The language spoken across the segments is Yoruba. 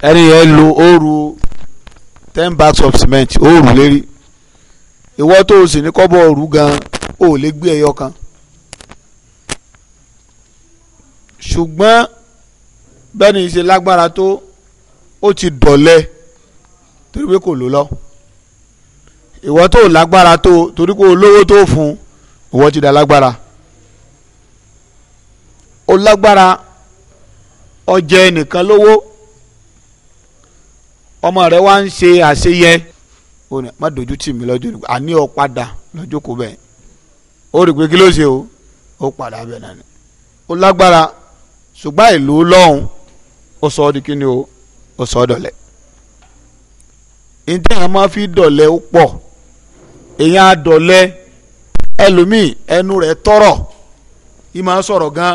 ẹni yẹn lo ooru ten bags of cement ooru lérí ìwọ tó o sì ní kọ́bọ̀ ooru gan o ò lè gbé ẹyọ kan ṣùgbọ́n bẹ́ẹ̀ni ṣe lágbára tó ó ti dọ̀lẹ́ torí pé kò lò lọ ìwọ tó lágbára tó torí pé olówó tó fún ìwọ ti dà lágbára ó lágbára ó jẹ lówó ọmọ rẹ wá ń ṣe àṣeyẹ ó ní má dojú tì mí lọ́jọ́ nígbà àní ọ padà lọ́jọ́ kó bẹ́ẹ̀ ó rí i pé kí ló ṣe o ó padà bẹ́ẹ̀ náà ni ó lágbára ṣùgbọ́n ìlú lọ́hùn ó sọ ọ́ di kíni o ó sọ ọ́ dọ̀lẹ́ ìdí àwọn máa fi dọ̀lẹ́ ó pọ̀ èèyàn á ẹlòmíì ẹnu rẹ̀ tọrọ ìmọ̀ sọ̀rọ̀ gan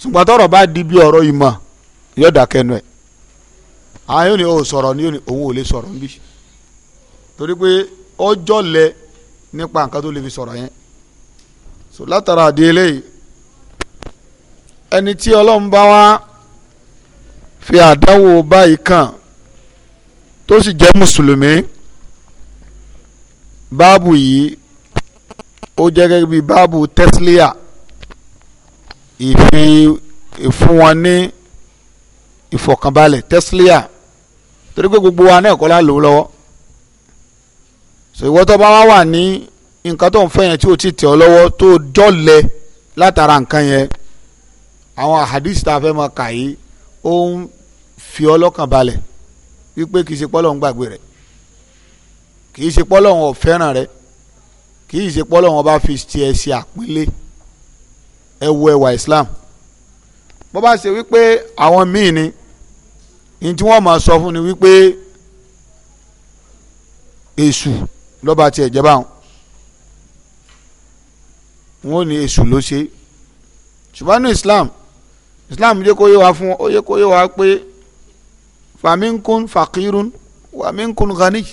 ṣùgbọ́n tọrọ bá di bí ọ̀rọ̀ ìmọ̀ yóò dákẹ́nu ẹ̀ àwọn yóò ní o oh, sọ̀rọ̀ ni yóò ní òun ò lè sọ̀rọ̀ níbí torí pé ọjọ́ lẹ nípa nǹkan tó lè fi sọ̀rọ̀ yẹn so látara àdé eléyìí ẹni tí ọlọ́run bá wá fi àdánwò báyìí kàn tó sì jẹ́ mùsùlùmí báàbù yìí ó jẹ́ gẹ́gẹ́ bí báàbù tẹ́sílíà ìfi ìfún wọn ní ìfọ̀kànbalẹ̀ tẹ́sílíà torí pé gbogbo wa náà kọ́lá lò ó lọ́wọ́ so ìwọ tó bá wá wà ní nǹkan tó ń fẹ́ yẹn tí o ti tẹ̀ ọ́ lọ́wọ́ tó jọ̀lẹ látara nǹkan yẹn àwọn àhàdìsí tá a fẹ́ máa kà yìí ó ń fi ọ́ lọ́kàn balẹ̀ wípé kì í ṣe pọ́lọ́ ń gbàgbé rẹ̀ kì í ṣe pọ́lọ́ wọn fẹ́ràn rẹ̀ kì í ṣe pọ́lọ́ wọn bá fi tiẹ̀ ṣe àpínlẹ̀ ẹ wo Islam bó bá ṣe wípé àwọn míì ni ní tí wọ́n máa sọ fún ni wípé èṣù lọ́ba tiẹ̀ jẹ́ báwọn wọn ò ní èṣù ló ṣe ṣùgbọ́n Islam Islam yẹ kó yé wa fún ọ yẹ kó yé wa pé faminkun fakirun waminkun ghani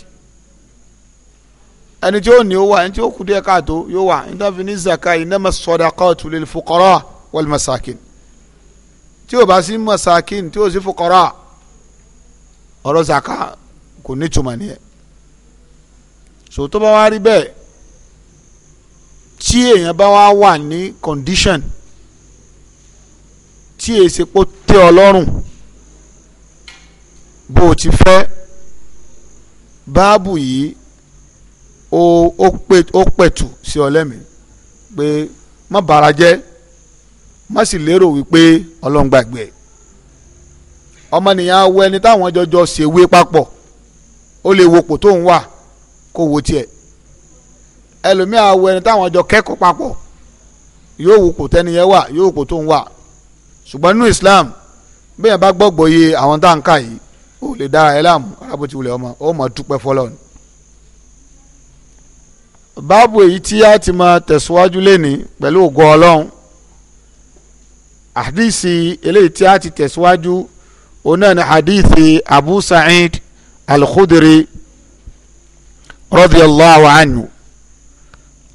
ẹni tí ó ní ó wà ẹni tí ó kú díẹ̀ káàtó yóò wà ẹni tó fi ní zaka innama sadaqatu lil fuqara wal masakin tí ó bá sí masakin tí ó sì fuqara ọ̀rọ̀ zaka kò ní tuma ni ẹ̀ so tó bá wá rí bẹ́ẹ̀ tí èèyàn bá wá wà ní condition tí èsì pò tẹ́ ọ lọ́rùn bó o ti fẹ́ báàbù yìí ó ó pè ó pẹ̀tù sí ọ lẹ́mìí pé má bara jẹ́ má sì lérò wípé ọlọ́ngbàgbé ọmọnìyàn awọ ẹni táwọn jọjọ ṣèwé papọ̀ ó lè wo pò tó ń wà kó wo tiẹ̀ ẹlòmíà awọ ẹni táwọn jọ kẹ́kọ̀ọ́ papọ̀ yóò wo pò wà yóò wo tó ń wà ṣùgbọ́n nínú Islam bí yẹn bá gbọ́gbọ́ yé àwọn tá à ń kà yìí ó lè dára ẹ láàmú arábòtí wulẹ̀ ọmọ ó mọ̀ dúpẹ́ fọlọ́ ni. báàbù èyí tí a ti máa tẹ̀síwájú lẹ́ni pẹ̀lú ògo Ọlọ́run àdìsí eléyìí tí a ti tẹ̀síwájú onáni hadithi abu sa'id al-khudri radiyallahu anhu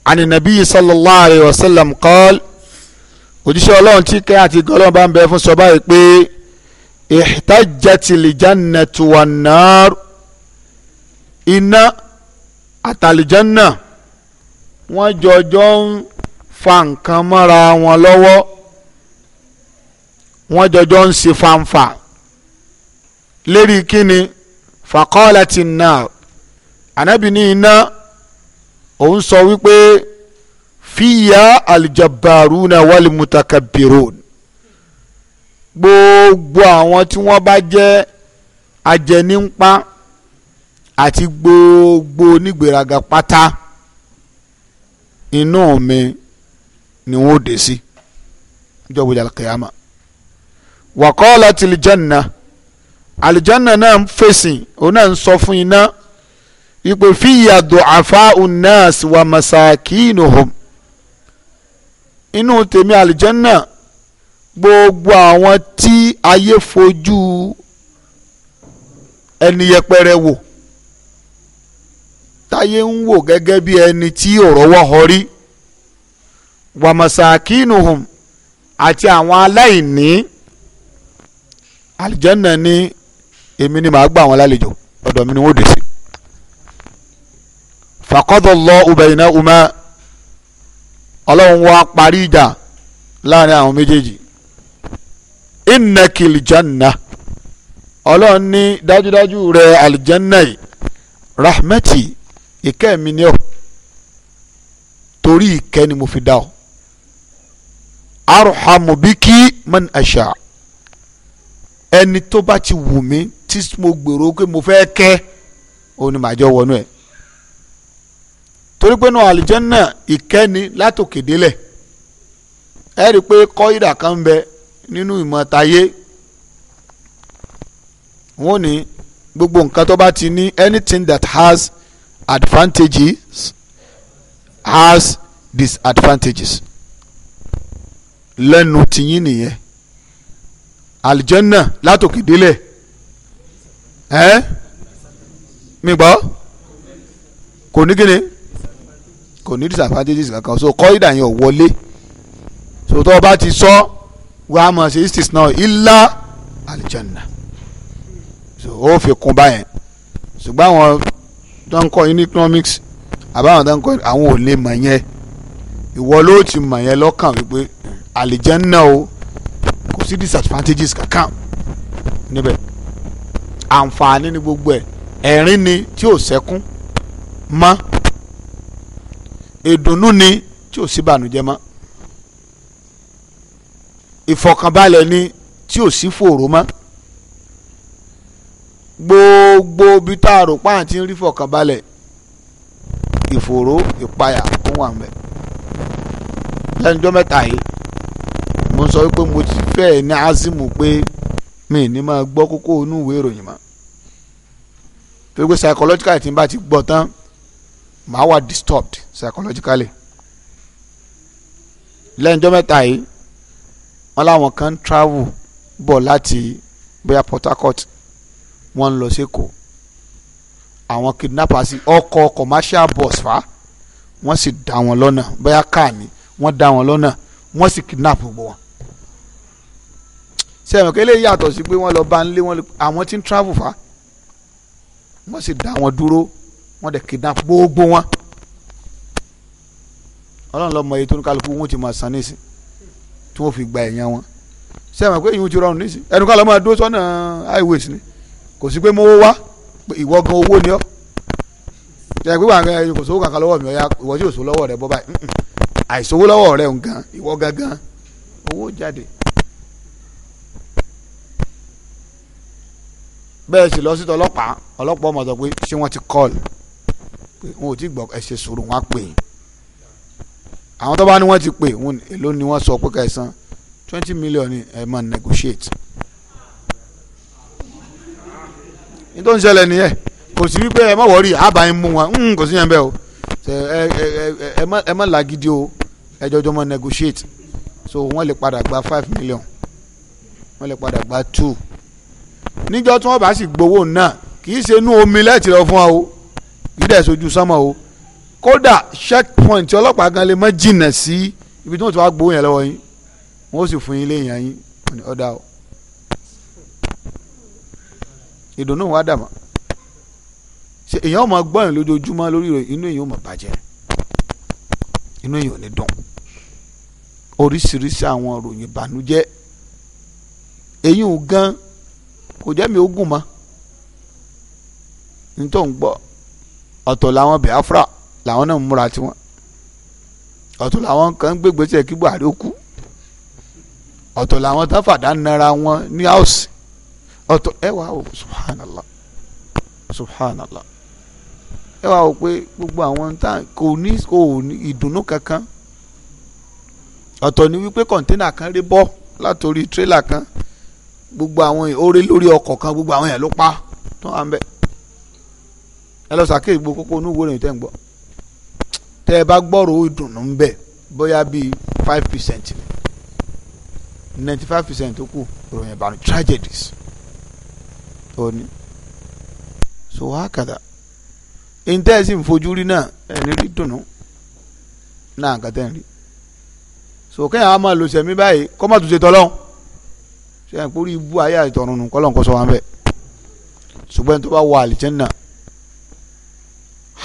ani nabi sallallahu alayhi wa sallam qaal òjíṣẹ́ ọlọ́run tí kẹ́ àti gọ́lọ́run bá ń bẹ fún sọ báyìí pé ihtajjati lijannatu wannar iná àtàlìjánná wọ́n jọjọ́ ń fa nǹkan mọ́ra wọn lọ́wọ́ wọ́n jọjọ́ ń ṣe fanfa lérí kíni fàkọ́lá ti nà ànábì ní iná òun sọ wípé fíyà alìjàbàrúnà wàlìmùtàkàbìrún gbogbo àwọn tí wọ́n bá jẹ́ ajẹnípa àti gbogbo onígbèraga pátá inú mi ni wọ́n dé sí ìjọba ìjàlá kìyàmà wàkọ́lá tìlìjọ́nà àlùjánà náà ń fèsì òun náà ń sọ fún iná ìpè fìyà du'afa unnas wa masakinuhum inú tèmi àlùjánà gbogbo àwọn tí ayé fojú ẹni yẹpẹrẹ wò táyé ń wò gẹ́gẹ́ bí ẹni tí òrọ́wọ́ họrí wa masakinuhum àti àwọn aláìní àlùjánà ni èmi ni màá gbà wọn lálejò ọ̀dọ̀ mi ni wọ́n dé sí. faqadallahu baynahuma ọlọ́run wá parí ìjà láàrin àwọn méjèèjì innakil janna ọlọ́run ní dájúdájú rẹ àlìjánná yìí rahmati ìkẹ́ mi ni ọ́ torí ìkẹ́ ni mo fi dá ọ arhamu biki man asha ẹni tó bá ti wù mí tí mo gbèrò pé mo fẹ́ kẹ́ ó ní màá jọ wọnú ẹ̀ torí pé náà àlùjànnà ìkẹ́ni látòkè délẹ̀ ẹ rí i pé kọ́ídà kan bẹ nínú ìmọ̀ tayé wọ́n ní gbogbo nǹkan tó bá ti ní anything that has advantages has disadvantages lẹ́nu tìyín nìyẹn àlìjẹ́nà látòkè délẹ̀ ẹ́ mi gbọ́ kò ní kíni kò ní disadvantages kankan so kọ́ ìdá yẹn wọlé so tó o bá ti sọ wàá mọ̀ sí istis náà ilá àlìjẹ́nà so ó fi kún báyẹn ṣùgbọ́n àwọn tó ń kọ́ in economics àbáwọn tó ń kọ́ àwọn ò lè mọ̀ yẹn ìwọ ló ti mọ̀ yẹn lọ́kàn wípé hmm, àlìjẹ́nà o kò sí disadvantages kankan níbẹ̀ àǹfààní ni gbogbo ẹ̀ ẹ̀rín ni tí ò sẹ́kún mọ́ ìdùnnú ni tí ò sí bànújẹ́ mọ́ ìfọ̀kànbalẹ̀ ni tí ò sí fòró mọ́ gbogbo bí tá a rò pa àti ń rí fọ̀kànbalẹ̀ ìfòró ìpayà ó wà ń bẹ̀ lẹ́nujọ́ mẹ́ta yìí mo sọ wípé mo ti bẹ́ẹ̀ ni azimu pé mi ní máa gbọ́ kókó inú ìwé ìròyìn mọ́ torí pé psychological tí n bá ti gbọ́ tán màá wà disturbed psychologically lẹ́yìnjọ́ mẹ́ta yìí wọ́n láwọn kan ń travel bọ̀ láti bóyá Port Harcourt wọ́n ń lọ sẹ́kọ̀ọ́ àwọn kidnappers ọkọ̀ commercial bus fa wọ́n sì dá wọn lọ́nà bóyá káà ni wọ́n dá wọn lọ́nà wọ́n sì kidnap gbogbo wọn sẹ́wọ̀n kẹ́lẹ́ yàtọ̀ sí pé wọ́n lọ bá ń lé wọn àwọn tí ń travel fa wọ́n sì dá wọn dúró wọ́n dẹ̀ kidnap gbogbo wọn ọlọ́run lọ́mọ yìí tó ní kálukú wọn ti máa san nísìn tí wọ́n fi gba ẹ̀yàn wọn sẹ́wọ̀n pé ìyún ti rọrùn nísìn ẹnu ká lọ́ máa dúró sọ́nà highways ni kò sí pé mo wá ìwọ gan owó ni ọ́ jẹ́ pé wàá ẹ̀yìn kò sówó kankan lọ́wọ́ mi ọ̀ya ìwọ tí ò sówó lọ́wọ́ rẹ bọ́ báyìí àìsówó lọ́wọ́ rẹ gan ìwọ gangan owó jáde bẹ́ẹ̀ sì lọ sí ọlọ́pàá ọlọ́pàá ọmọ sọ pé ṣé wọ́n ti kọ́ọ̀lù pé wọn ò tí gbọ́ ẹ ṣe sùúrù wọn á pè yín àwọn tó bá ní wọ́n ti pè wọn èló ni wọ́n sọ pé kẹsàn twenty million ẹ máa negotiate ní tó ń ṣẹlẹ̀ nìyẹn kò sí wípé ẹ má wọrí àbá yín mú wọn kò sí yẹn bẹ́ẹ̀ o ẹ má làgídí o ẹ jọjọ mọ negotiate so wọ́n lè padà gba five million wọ́n lè padà gba two níjọ́ tí wọ́n bá sì gbowó náà kì í ṣe inú omi lẹ́ẹ̀tì lọ fún wa o dẹ̀ sojú sánmọ̀ o kódà checkpoint ọlọ́pàá gan lè má jìnnà sí ibi tí wọ́n ti wá gbowó yẹn lọ́wọ́ yín wọ́n sì fún yín léèyàn yín ọ̀dà o ìdùnnú wa dà mọ́ ṣe èèyàn máa gbọ́ yẹn lójoojúmọ́ lórí rẹ̀ inú èèyàn máa bàjẹ́ inú èèyàn ò ní dùn oríṣiríṣi àwọn ròyìn ìbànújẹ́ èyí ò gan kò jẹ́ mi ogun mọ́ nítorí ń gbọ́ ọ̀tọ̀ làwọn Biafra làwọn náà ń múra tiwọn ọ̀tọ̀ làwọn kan gbégbé sí ẹ̀ kí Buhari ó kú ọ̀tọ̀ làwọn tán fàdá nara wọn ní house ọ̀tọ̀ ẹ wá o subhanallah subhanallah ẹ wá o pé gbogbo àwọn tá kò ní kò ní ìdùnnú kankan ọ̀tọ̀ ni wípé kọ̀ńténà kan rí bọ́ látòrí tírélà kan gbogbo àwọn yẹn oore lórí ọkọ̀ kan gbogbo àwọn yẹn ló pa tó wà ń bẹ̀ ẹ lọ sàkéyì gbogbo kókó inú wo lè ń gbọ́ tẹ́ ẹ bá gbọ́rọ̀ ìdùnnú ń bẹ̀ bóyá bíi five percent ninety five percent tó kù ròyìn ìbànú tragedies ó ní so wákàtà intẹ́sì ìfojúrí náà ẹni rí dùnnú náà kàtẹ́ ń rí so kéèyàn á máa lò sẹ́mi báyìí kó ṣe tọ́lọ́hún ṣe é kórìí bú ayé àtọ̀run nù kọ́lọ́n kọ́ sọ wọn bẹ́ẹ̀ ṣùgbọ́n tó bá wọ àlìjẹ́nà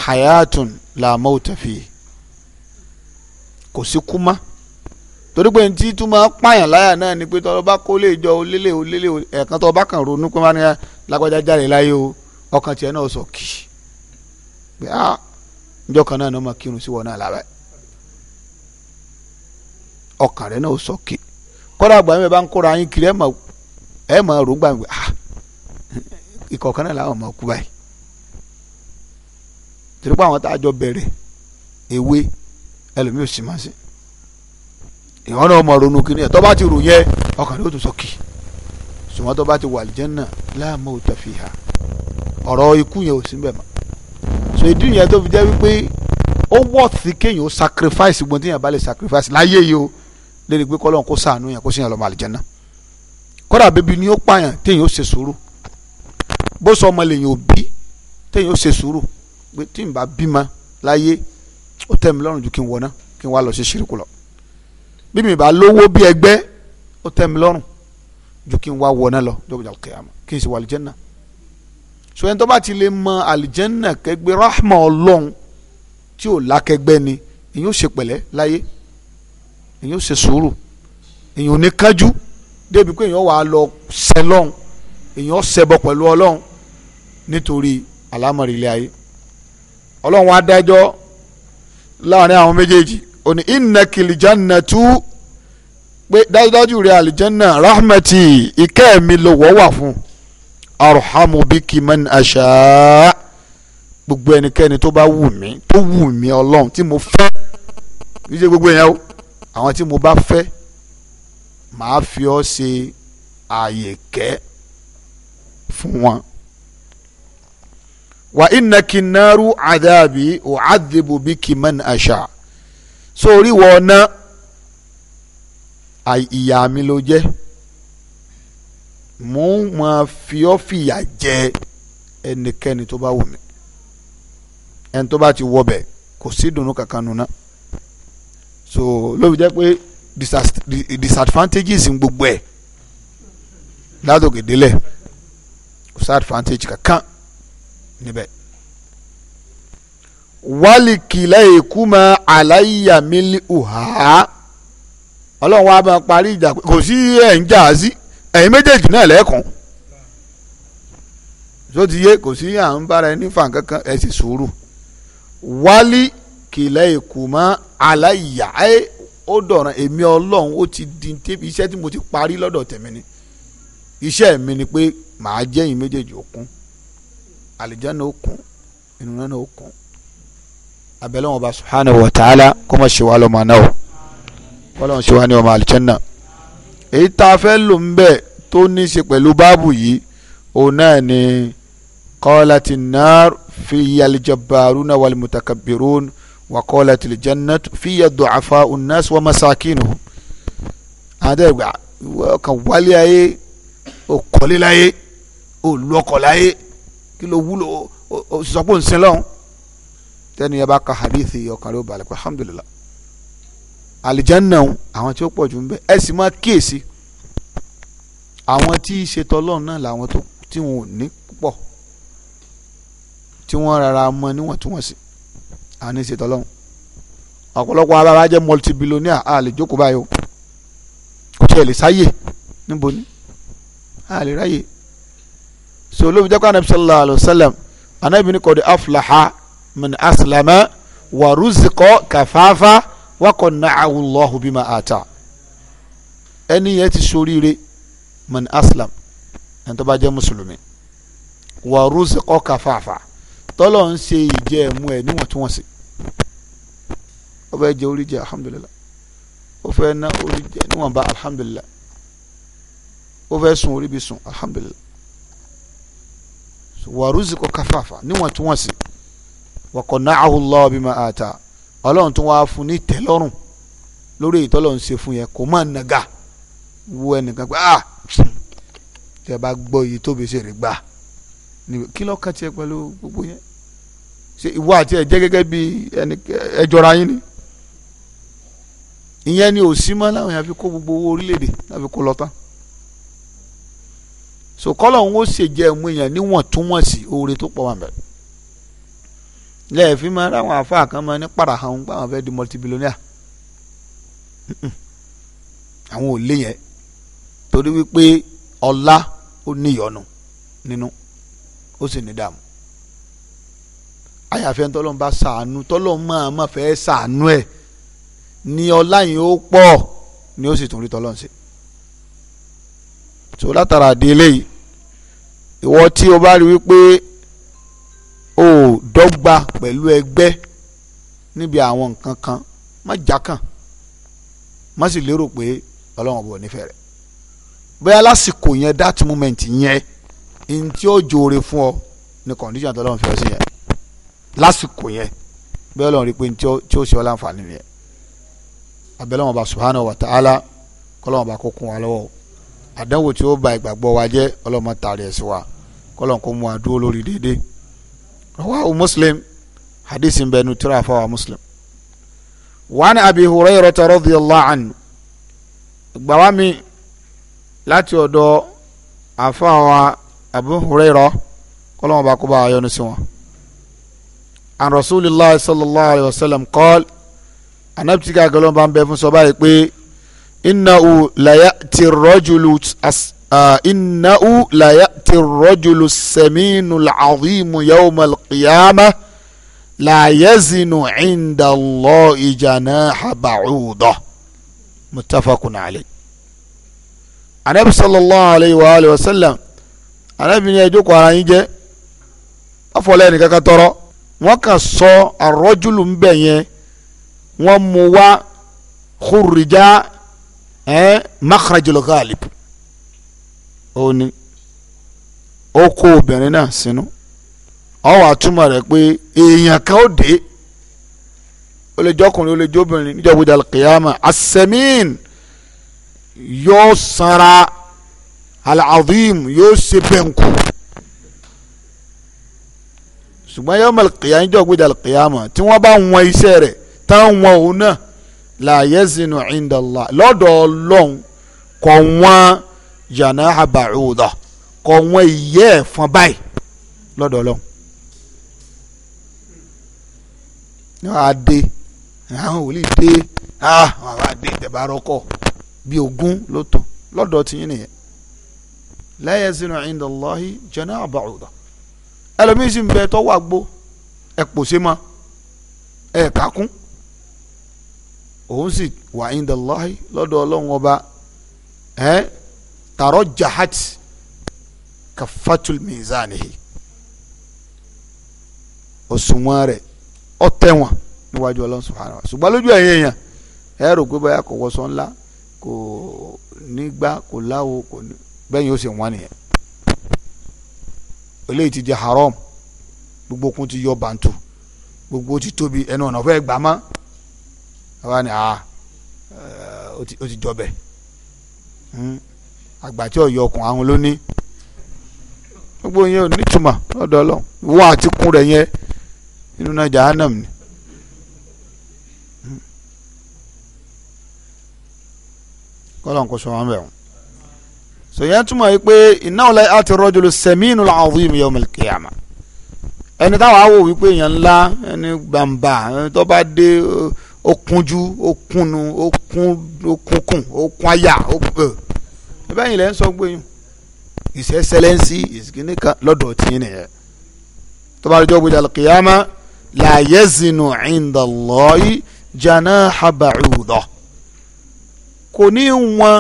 hayatun la mauta fi kò sí kú mọ́ torí pé ntí tún máa pààyàn láyà náà ni pé tọ́lọ́ bá kó lè jọ olélè olélè ẹ̀ẹ̀kan tọ́ bá kàn ronú pé wọ́n á lágbájá jáde láyé o ọkàn tiẹ̀ náà sọ kì í pé a njọ́ kan náà ni wọ́n máa kírun sí wọn náà lábẹ́ ọkàn rẹ̀ náà sọ kì í kọ́dà gbàmí ẹ bá ń kóra yín kiri ẹ mọ̀ ẹ mọ̀ rò gbàmí ah ìkọ̀kan náà làwọn ọmọ kú báyìí torí pé àwọn tá a jọ bẹ̀rẹ̀ ewé ẹlòmíì ò sì máa ṣe ìwọ́n náà mọ̀ ronú kiri ẹ̀ tó bá ti rò yẹ ọkàn yóò tún sọ kì ṣùgbọ́n tó bá ti wà àlìjẹ́nnà la mauta fiha ọ̀rọ̀ ikú yẹn ò sí bẹ̀ mọ́ so ìdí yẹn tó fi jẹ́ wípé ó wọ̀ kéèyàn sacrifice gbọ́n tí yẹn bá lè sacrifice láyé yìí o lérí pé kọ́lọ́n kó sànú yẹn kó sì yàn àlìjẹ́nà kọ́dà bẹ́bí ni ó pààyàn téèyàn ó ṣe sùúrù bó sọ ọmọ lèyàn ò bí téèyàn ó ṣe sùúrù pé tí n bá bímọ láyé ó tẹ́ mi lọ́rùn ju kí n wọná kí n wá lọ ṣe ṣíríkù lọ bí mi bá lówó bí ẹgbẹ́ ó tẹ́ mi lọ́rùn ju kí n wá wọná lọ jọ́gbọ́jà kẹ́yàmọ́ kí n sì wà àlìjẹ́nà so tó bá ti lè mọ àlìjẹ́nà kẹgbẹ́ rahma ọlọ́run tí ò lákẹgbẹ́ ni èyí ó ṣe pẹ̀lẹ́ láyé èyàn ò ṣe sùúrù èyàn ò ní kánjú débi pé èyàn wà á lọ sẹ lọ́hùn èyàn ṣẹbọ pẹ̀lú ọlọ́hùn nítorí àlámọ̀rí ilé ayé ọlọ́hùn wá dájọ́ láàrin àwọn méjèèjì ó ní innakil jannatu pé dájúdájú rẹ àlìjánná rahmati ìkẹ́ mi ló wọ́ wà fún arhamu biki man asha gbogbo ẹnikẹ́ni tó bá wù mí tó wù mí ọlọ́run tí mo fẹ́ kí ṣe gbogbo yẹn àwọn tí mo bá fẹ́ màá fi ọ́ ṣe ààyè kẹ́ fún wọn. wà iná kí náírù àdáàbí ò àdìbò bí kì mẹ́ni àṣà sórí wọ ná ìyá mi ló jẹ́ mò máa fi ọ́ fìyà jẹ ẹnikẹ́ni tó bá wù mí ẹni tó bá ti wọ bẹ̀ kò sí dùnú kankan nù náà so ló fi jẹ́ pé disadvantages ń gbogbo ẹ̀ látòkè délẹ̀ kò sí advantage kankan níbẹ̀. wálìkìlẹ̀ èkú mọ aláìyàmílì ùhà ọlọ́run wa máa parí ìjà pé kò sí ẹ̀ ń jà á sí ẹ̀yin méjèèjì náà lẹ́ẹ̀kan tó ti yé kò sí à ń bára ẹni fà kankan ẹ sì sùúrù wálì kìlẹ̀kùmọ́ aláìyá ẹ ó dọ̀ràn èmi ọlọ́run ó ti di tẹ́bi iṣẹ́ tí mo ti parí lọ́dọ̀ tèmi ni iṣẹ́ mi ni pé màá jẹ́yìn méjèèjì òkun àlìjáná òkun ìnúnáná òkun abẹ́lẹ́ wọn bá subhanahu wa ta'ala kó má ṣe wá lọ́mọ náà o kọ́lá wọn ṣe wá ní ọmọ àlìjáná èyí tá a fẹ́ lò ń bẹ̀ tó ní í ṣe pẹ̀lú báàbù yìí òun náà ni qalat an-nar fi hiya al-jabbaruna وقالت الجنة في ضعفاء الناس ومساكينهم هذا يبقى ọkàn wálé ayé òkọ́lé láyé olùọkọ̀ láyé kí ló wúlò òṣìṣọ́pọ̀ ńsìn lọ́hùn tẹ́ni yẹn bá ka hadithi ọkàn ló balẹ̀ pé alhamdulillah alijanna àwọn tí ó pọ̀ jù ń bẹ ẹ sì máa kíyèsí àwọn tí í ṣe tọ́lọ́run náà làwọn tí wọn ò ní púpọ̀ tí wọ́n rárá mọ níwọ̀ntúnwọ̀nsì a ní ṣètò ọlọ́run ọ̀pọ̀lọpọ̀ ara wa jẹ́ multibillionaire a lè jókòó báyìí o kò tiẹ̀ lè sáyè níbo ni a lè ráyè so olóòfin jẹ́ kó anabi sallallahu alayhi wa sallam anabi ni kọ́ni aflaha min aslama wa ruzikọ kafafa wa kọ́ na'awulọ́hu bima ata ẹni yẹn ti ṣoríire min aslam ẹni tó bá jẹ́ mùsùlùmí wa ruzikọ kafafa tọ́lọ̀ ń ṣe ìjẹ ẹ̀mú ẹ̀ níwọ̀ntúnwọ̀nsì ó fẹ́ jẹ orí jẹ alhamdulilah ó fẹ́ ná orí jẹ níwọ̀nba alhamdulilah ó fẹ́ sùn orí bí sùn alhamdulilah wàrúzì kò káfàfà níwọ̀ntúnwọ̀nsì wàkọ̀ náà ahùlọ́ bí ma àtà ọlọ́run tún wáá fún ní tẹ́lọ́rùn lórí ìtọ́lọ̀ ń ṣe fún yẹn kò má nàga wo ẹnìkan pé ah tẹ bá gbọ́ yìí tóbi ṣe rè gbà kí lọ́ọ́ kàtí ẹ pẹ̀lú gbogbo yẹn ṣe ìwọ àti ẹ jẹ́ gẹ́gẹ́ bí ẹni ẹ yín ni ìyẹn ni ò sí mọ́ láwọn èèyàn fi kó gbogbo owó orílẹ̀-èdè náà kó lọ tán so kọ́lọ̀ ń ó ṣe jẹ́ ẹ̀mú èèyàn níwọ̀ntúnwọ̀nsì oore tó pọ̀ wọn bẹ̀rẹ̀ lẹ́ẹ̀fín máa ráwọn àáfàá kan máa ní padà hàn gbà wọn fẹ́ di multibillionaire àwọn ò lé yẹn torí wípé ọlá ó níyọnu nínú ó sì ní dààmú àyàfẹ́ tọ́lọ́n bá sàánú tọ́lọ́n máa ma fẹ́ sàánú ẹ̀ ní ọlá yìí ó pọ̀ ni ó sì tún rí tọ́lọ́n ṣe. tó látara di eléyìí ìwọ tí o bá rí wípé o dọ́gba pẹ̀lú ẹgbẹ́ níbi àwọn nǹkan kan má jákàn má sì lérò pé ọlọ́run ọ̀bọ̀ nífẹ̀ẹ́ rẹ̀ bóyá lásìkò yẹn that moment yẹn ntí ó jòrè fún ọ ní condition tọ́lọ́run fi ọ sí yẹn lásìkò yẹn bẹ́ẹ̀ lọ́n rí pé tí ó ṣe ọ́ láǹfààní yẹn abẹ́lẹ́ wọn bá subhanahu wa ta'ala kọ́lọ́n bá kó kún wa lọ́wọ́ àdánwò tí ó ba ìgbàgbọ́ wa jẹ́ ọlọ́mọ tààrí ẹ̀ sí wa kọ́lọ́n kó mú wa dúró lórí déédé rawahu muslim hadith ń bẹ nu tíra fáwa muslim. wàhánà abi hurayrata radiyallahu anhu gbàwá mi láti ọ̀dọ̀ àfáwa abu hurayra kọ́lọ́n bá kó bá wa yọ́nú sí wọn an rasulillah sallallahu alayhi wa sallam qal anabtika galon bá ń bẹ fún sọ báyìí pé innahu laya ti rojulu innahu laya ti rojulu saminu lacimu yawma alqiyama la yazinu cinda allahi janaha bacuuda mutafakun calay anabi sallallahu alayhi wa alihi wa sallam anabi ni ẹ jókòó ara yín jẹ afọlẹ́ni kankan tọrọ wọ́n kàn sọ àrọ́júlù ń bẹ̀ yẹn wọ́n mú wá kúrìjà ẹ̀ makarajulu ghalib ó ní ó kó obìnrin náà sínú ọ wàá rẹ̀ pé èèyàn kan ó dé ó lè jọkùnrin ó lè jóbìnrin níjọba ìdàlù kìyàmà asẹ́mìn yóò sanra alaazim yóò ṣe bẹ́ǹkù ṣùgbọ́n yọ malkiya ń jọ gbé dalkiyama tí wọ́n bá wọn iṣẹ́ rẹ̀ táwọn òun náà la yazinu indala lọ́dọ̀ ọlọ́run kọ̀ wọ́n yànnà àbàrúdà kọ̀ wọ́n ìyẹ́ ẹ̀fọn báyìí lọ́dọ̀ ọlọ́run. ní wàá dé àwọn wòlíì dé àwọn ah, àwa dé ìtẹ̀bárọ́kọ bíi ogún ló tó lọ́dọ̀ tìyín nìyẹn la yazinu indalahi yànnà àbàrúdà ẹlòmíín sì ń bẹ tọ́wọ́ àgbo ẹ̀ pò ṣe mọ́ ẹ̀ kákún òun sì wà indallahi lọ́dọ̀ ọlọ́run ọba ẹ̀ tààrọ̀ jahat kafatul mizanihi òṣùwọ̀n rẹ̀ ọ̀tẹ̀wọ̀n níwájú ọlọ́run subhanahu wa ṣùgbọ́n lójú ẹ̀yìn èèyàn ẹ̀ rò pé báyà kò wọ́sọ̀ ńlá kò nígbà kò láwo kò ní bẹ́ẹ̀ yóò wọ́n nìyẹn eléyìí ti di haram gbogbo okun ti yọ bàǹtù gbogbo ti tóbi ẹnu ọ̀nà fẹ́ gbà mọ́ àwa ni àá ó ti jọbẹ̀ hmm. àgbà tí ọ̀yọ́ ọkùn àwọn lóní gbogbo yẹn ò nítumọ̀ lọ́dọ̀ ọlọ́run wọ́n àti kún rẹ̀ yẹn nínú náà jahannam ni. Hmm. kọ́lọ́n kò sọ wọn bẹ̀ wọ́n sòyẹn túmọ̀ yìí pé iná ọ̀la àti rọ́jòló sẹ̀mínú làwọn yìí yawm al-qiyamah ẹni táwọn awò wípé èèyàn ńlá ẹni gbàǹbà ẹni tó bá dé okunjú okunu okun okunkun okun aya okun ẹ bẹ́ẹ̀ yìí lẹ́ sọ gbé yín his excellency kan lọ́dọ̀ tìyín nìyẹn tó bá dé ọgbẹ́jà al-qiyamah la yazinu inda Allahi janaha kò ní wọn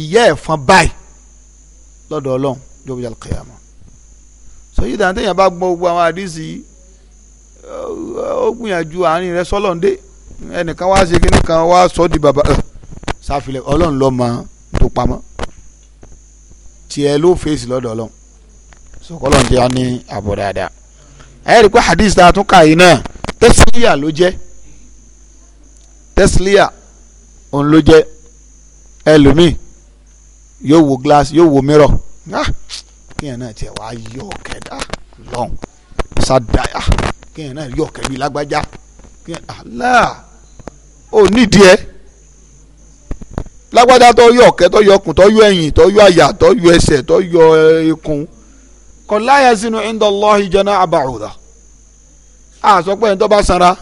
ìyá ẹ̀fọn báyìí lọ́dọ̀ ọlọ́run jọ̀wọ́ yàrá kẹyàmọ́ sọyí dáhùn téèyàn bá gbọ́ gbogbo àwọn àdìsí ó gbìyànjú àárín rẹ sọ́lọ́ ndé ẹnìkan wá ṣe kíní kan wá sọ di bàbá ṣàfilẹ̀ ọlọ́run ló mọ̀ tó pamọ́ tiẹ̀ ló fèsì lọ́dọ̀ ọlọ́run sọkọlọ́ ndé wọn ní àbọ̀ dáadáa ẹ̀ rí i pé àdìsí tá a tún kà yìí náà tẹ́sílíà ló jẹ́ tẹ́sílíà òun ló jẹ́ ẹlòmíì yóò wo glass yóò wo mirror ah kíyàn náà tiẹ̀ wá yọ ọ̀kẹ́dá ah! lọ́hùn sádàá ah! kíyàn náà yọ ọ̀kẹ́ lágbájá kíyàn Allah ò nídìí ẹ lágbájá tó yọ ọ̀kẹ́ tó yọ ọkùn tó yọ ẹ̀yìn tó yọ àyà tó yọ ẹsẹ̀ tó yọ eh, ikùn kò láyà sínú indallahi jana aba'uda a sọ pé ẹni tó bá sanra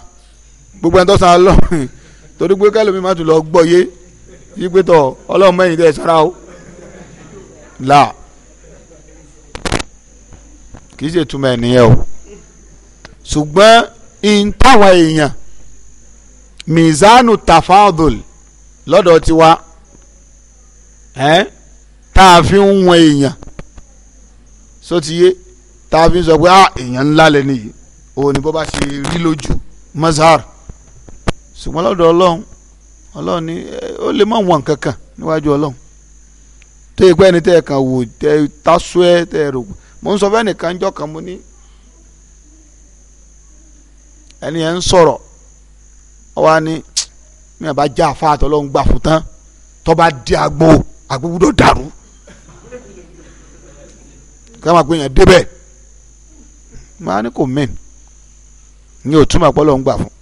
gbogbo ẹni tó sanra lọ́hùn torí pé kẹlẹ́mi má tún lọ gbọ́ yé yí pé tọ̀ ọlọ́mọ ẹ̀yìn tẹ̀ sanra o la kì í ṣe túmọ̀ ẹ̀nìyẹn o ṣùgbọ́n in táwọn èèyàn mizanu tafadul lọ́dọ̀ tiwa ẹ́ tá a fi ń wọn èèyàn sótìyé tá a fi ń sọ pé ah èèyàn ńlá lẹ́nu yìí òun ni bó bá ṣe rí lójú mazhar ṣùgbọ́n lọ́dọ̀ ọlọ́run ọlọ́run ni ó lè má wọn kankan níwájú ọlọ́run tó yẹ pé ẹni tẹ́ ẹ kàn wò tẹ́ ẹ tasọ́ ẹ tẹ́ ẹ rò mo ń sọ fẹ́ nìkan jọ kan mo ní ẹni yẹn ń sọ̀rọ̀ ọ wá ní mi àbá já àfa àtọ́lọ́ ń gbà fún tán tó di agbo agbo dàrú ká máa gbé débẹ̀ máa ní kò mẹ́n ní òtúmọ̀ pọ́lọ́ ń gbà fún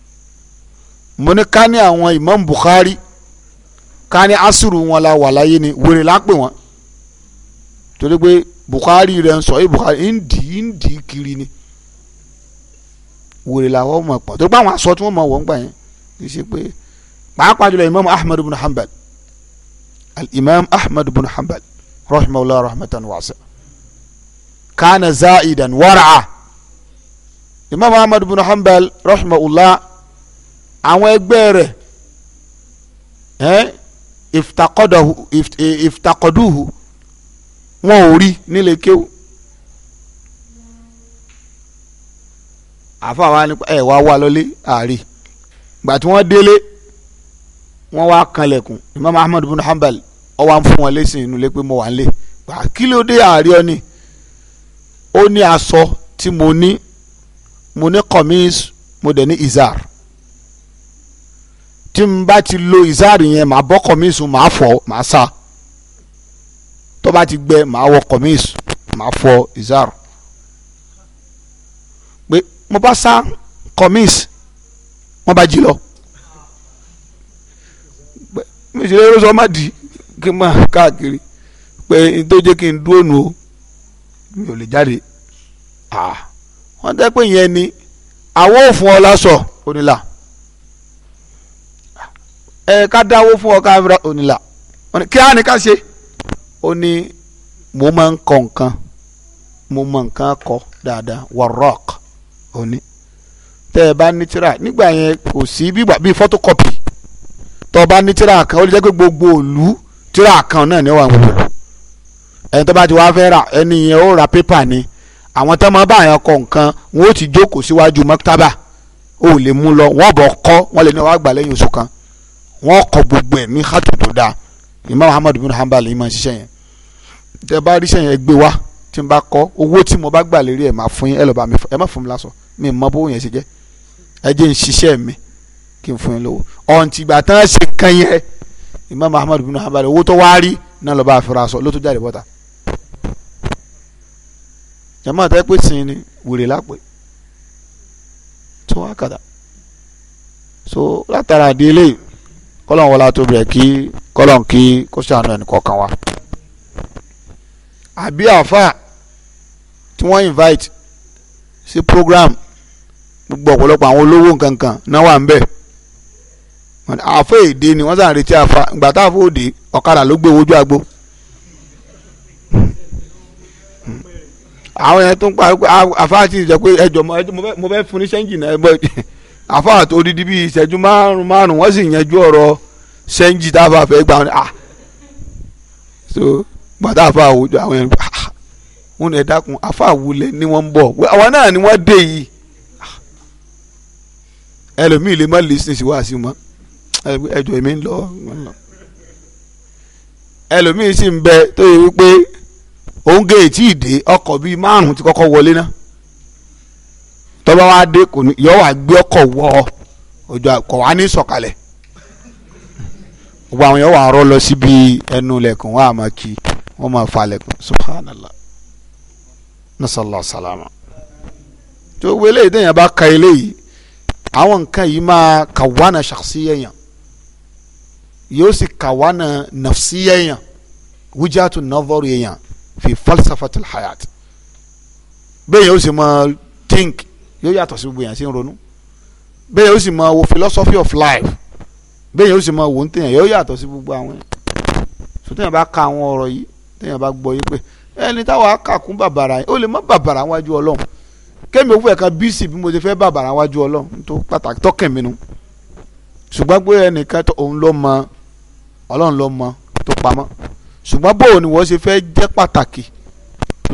mo ní ká ní àwọn Imam Bukhari ká ní asuru wọn la wà láyé ni wèrè lápè wọn torí pé Bukhari rẹ ń sọ yìí Bukhari ń dì í ń dì í kiri ni wèrè làwọn ọmọ pọ̀ torí pé àwọn aṣọ tí wọ́n mọ̀ wọ́n gbà yẹn kì í ṣe pé pàápàá jùlọ imam ahmed bin hanbal al-imam ahmed bin hanbal rahimahullah rahmatan wasa kana za'idan wara'a imam ahmed bin hanbal rahimahullah àwọn ẹgbẹ́ rẹ̀ iftakọduhu wọn ò rí nílé kéwú àfa wa ni ẹ wá wá lọlé àárẹ gbà tí wọ́n délé wọ́n wá kanlẹ̀kùn imam ahmed bin hanbal ó wá ń fún wọn lẹ́sìn inú lé pé mo wà ń lé gbà kí ló dé àárẹ ọ ni ó ní aṣọ tí mo ní mo ní kọmíìs mo dẹ̀ ní izar tí n bá ti lo izar yẹn màá bọ́ kọmíìs màá fọ̀ màá sa tó bá ti gbẹ màá wọ kọmíìs màá fọ ìzáàrù pé mo bá sá kọmíìs wọn bá jí lọ mi ṣe lérò sọ má di kí n máa káàkiri pé n tó jẹ́ kí n dúró nù o mi ò lè jáde wọ́n tẹ́ pé yẹn ni àwọn òfin ọ̀la sọ onílà ẹ ká dáwó fún ọ ká onílà kí á ní ká ṣe ó ní mo máa ń kọ nǹkan mo mọ nǹkan kọ dáadáa warrock ó ní tẹ́ ẹ bá ní tíra nígbà yẹn kò sí bígbà bíi photocopy tọ́ ọ bá ní kan ó lè jẹ́ pé gbogbo òlu tíra kan náà ni ó wà gbogbo ẹni tó bá ti wá fẹ́ rà ẹni yẹn ó ra pépà ni àwọn tó máa bá àyàn kọ nǹkan wọn ó ti jókòó síwájú mọ́kítábà ó lè mú lọ wọ́n bọ̀ kọ́ wọ́n lè ní wàá gbà lẹ́yìn oṣù kan wọ́n kọ gbogbo ẹ̀ ní hàtò dáa Imam Ahmad bin Hanbal imam ṣiṣẹ́ yẹn tẹ bá ríṣẹ́ yẹn gbé wá tí n bá kọ́ owó tí mo bá gbà lérí ẹ̀ máa fún yín ẹ lọ́ọ́ bá mi fún ẹ má fún mi lásán mi mọ bó yẹn ṣe jẹ́ ẹ jẹ́ n ṣiṣẹ́ mi kí n fún yín lówó ọ̀ǹtì ìgbà tán ṣe nǹkan yẹn Imam Ahmad bin Hanbal owó tó wá rí náà lọ́ọ́ bá fi ra aṣọ ló tó jáde bọ́ta jama tẹ pé sin ni wèrè lápè tó wá kàdà so látara àdéhìlè kọ́lọ̀ wọlá tó bẹ̀rẹ̀ kí kọ́lọ̀ kí kó ṣàánú ẹnì kọ̀ọ̀kan wa àbí àáfàá tí wọ́n invite sí program gbogbo ọ̀pọ̀lọpọ̀ àwọn olówó nkankan náà wà ń bẹ̀ àáfàá èdè ni wọ́n sàn retí àáfàá ìgbà táàfà òde ọ̀kadà ló gbé owójú àgbo àwọn yẹn tó ń parí pé àáfàá ti jẹ pé ẹjọ mo fẹ́ fún ní sẹ́ńjì náà bọ́ àáfàá tó di bíi ìṣẹ́jú márùn-ún márùn-ún wọ́n sì yanjú ọ̀rọ̀ sẹ́ńjì táàfà fẹ́ gbà wọn ni ah so gbàtà àfa àwùjọ àwọn yẹn ah, wọn ni ni wọn ń bọ àwọn náà ni wọn dé yìí ah, ẹlòmíì lè má lè sìn sí mọ ẹjọ èmi ń lọ ẹlòmíì sì ń bẹ tó yẹ wípé òun gé ètí e ìdè ọkọ̀ bíi márùn ti wọlé náà tọ́ba wa dé kò ní yọ wá gbé ọkọ̀ wọ ọjọ́ kọ̀ wá ní sọ̀kalẹ̀ gbogbo àwọn wà lọ síbi ẹnu máa wọ́n máa falẹ̀ kún subhanallah nasalaam salama tó wele yìí dẹ́yìn bá ka eléyìí àwọn nǹkan yìí máa kàwánà ṣàkṣiyẹ̀yàn yóò sì kàwánà nàfṣiyẹ̀yàn wíjàtú nàvọ́rù yẹ̀yàn fi falsafatil hayat bẹ́ẹ̀ yóò sì máa think yóò yàtọ̀ sí gbìyànjú sí ronú bẹ́ẹ̀ yóò sì máa wo philosophy of life bẹ́ẹ̀ yóò sì máa wo ń tẹ̀yàn yóò yàtọ̀ sí gbogbo àwọn yẹn sọtẹ́yìn bá ka àwọn ọ̀rọ̀ yìí téèyàn bá gbọ́ yí pé ẹni táwa kàkún bàbàrà yìí ó lè má bàbàrà wájú ọlọ́run kémi òwú ẹ̀ka bíìsì bí mo ti fẹ́ bàbàrà wájú ọlọ́run tó pàtàkì tọ́kẹ̀ mi nu ṣùgbọ́n pé ẹnìkan òun ló mọ ọlọ́run ló mọ tó pamọ́ ṣùgbọ́n bóun ni wọ́n ṣe fẹ́ jẹ́ pàtàkì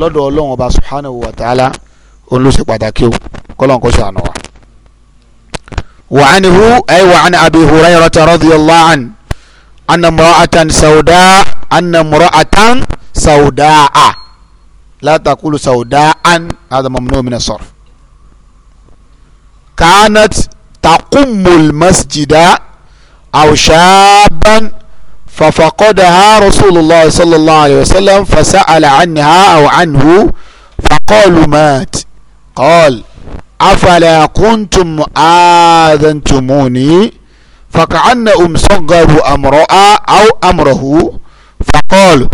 lọ́dọ̀ ọlọ́run ọba subhanahu wa ta'ala òun ló ṣe pàtàkì o kọ́lọ́n kó ṣàánú wa. وعنه أي وعن أبي هريرة رضي الله عنه أن امرأة سوداء أن امرأة سوداء لا تقول سوداء هذا ممنوع من الصرف كانت تقم المسجد أو شابا ففقدها رسول الله صلى الله عليه وسلم فسأل عنها أو عنه فقالوا مات قال أفلا كنتم آذنتموني فكأن أم صغر أمرأة أو أمره fakọ́ọ̀lù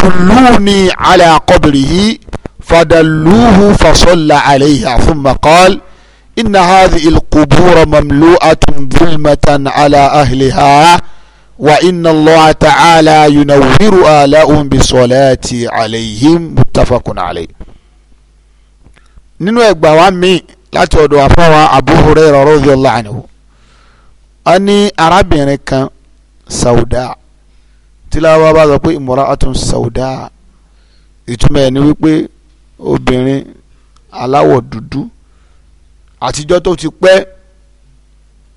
tùlùmí alẹ́ àkọ́bìrì yìí fadàlúhu fasọ́là alẹ́ yìí àfúnmakọ́ọ̀lù inna hadi ilkubura mamlu'atun zulmatan ala ahliha wa inna allaha ta'ala yunawiru ala'un bisolati alayhim muttafaqun alayhi nínú ẹgbàá wa míì láti ọ̀dọ̀ àfọwọ́ Abu Hurairah radiyallahu anhu a ní arábìnrin kan Sauda tíláwá bá sọ pé imra'atun sawda ìtumọ̀ ẹ̀ ni wípé obìnrin aláwọ̀ dúdú àtijọ́ tó ti pẹ́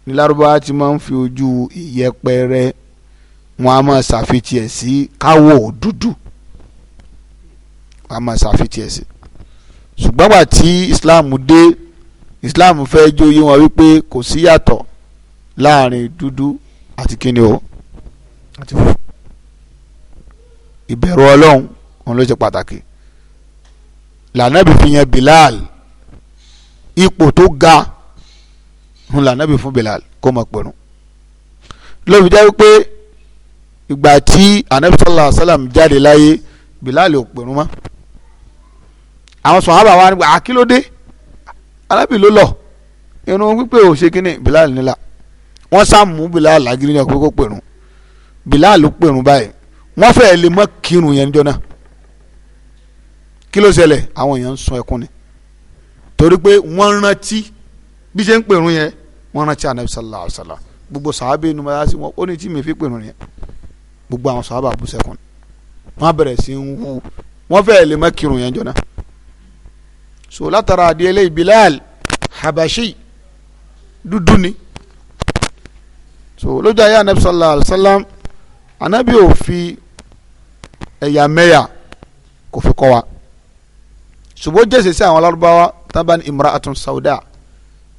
ní lárúbáwá ti máa ń fi ojú ìyẹpẹrẹ wọn a máa ṣàfihàn sí káwọ̀ dúdú wọn a máa ṣàfihàn sí ṣùgbọ́n wà tí Islam dé Islam fẹ́ jó yé wọn wípé kò síyàtọ̀ láàrin dúdú àti kíni o àti funfun ìbẹ̀rù ọlọ́run òun ló ṣe pàtàkì lànàbì fi yẹn Bilal ipò tó ga òun lànàbì fún Bilal kó mọ̀ pẹ̀rù lóbi jẹ́ pé ìgbà tí anabi sallallahu alayhi wa sallam jáde láyé Bilal ò pẹ̀rù mọ́ àwọn sọ̀hábà wa nígbà àkílódé alábì ló lọ irun pípé ò ṣe kínní Bilal nílà wọ́n sá mú Bilal lágírí ní ọkọ̀ kó Bilal ló pẹ̀rù báyìí wọ́n fẹ́ẹ́ lè mọ́ kírun yẹn níjọ́ náà kí ló ṣẹlẹ̀ àwọn èèyàn ń sun ẹkún ni torí pé wọ́n rántí bí ṣe ń pèrún yẹn wọ́n rántí anabi sallallahu alayhi wa sallam gbogbo sàábà inú ma yára sí wọn ó ní tí mi fi pèrún yẹn gbogbo àwọn sàábà bú sẹ́kún ni wọ́n bẹ̀rẹ̀ sí ń hu wọ́n fẹ́ẹ́ lè mọ́ kírun yẹn níjọ́ náà so látara adìyẹlẹ Bilal habashi dúdú ni so lójú ayé anabi sallallahu alayhi wa sallam anabi ò fi ẹ̀yà mẹ́yà kò fi kọ́ wa ṣùgbọ́n jẹ́sẹ̀ sí àwọn alárúbáwá tábà ní imra'atun sauda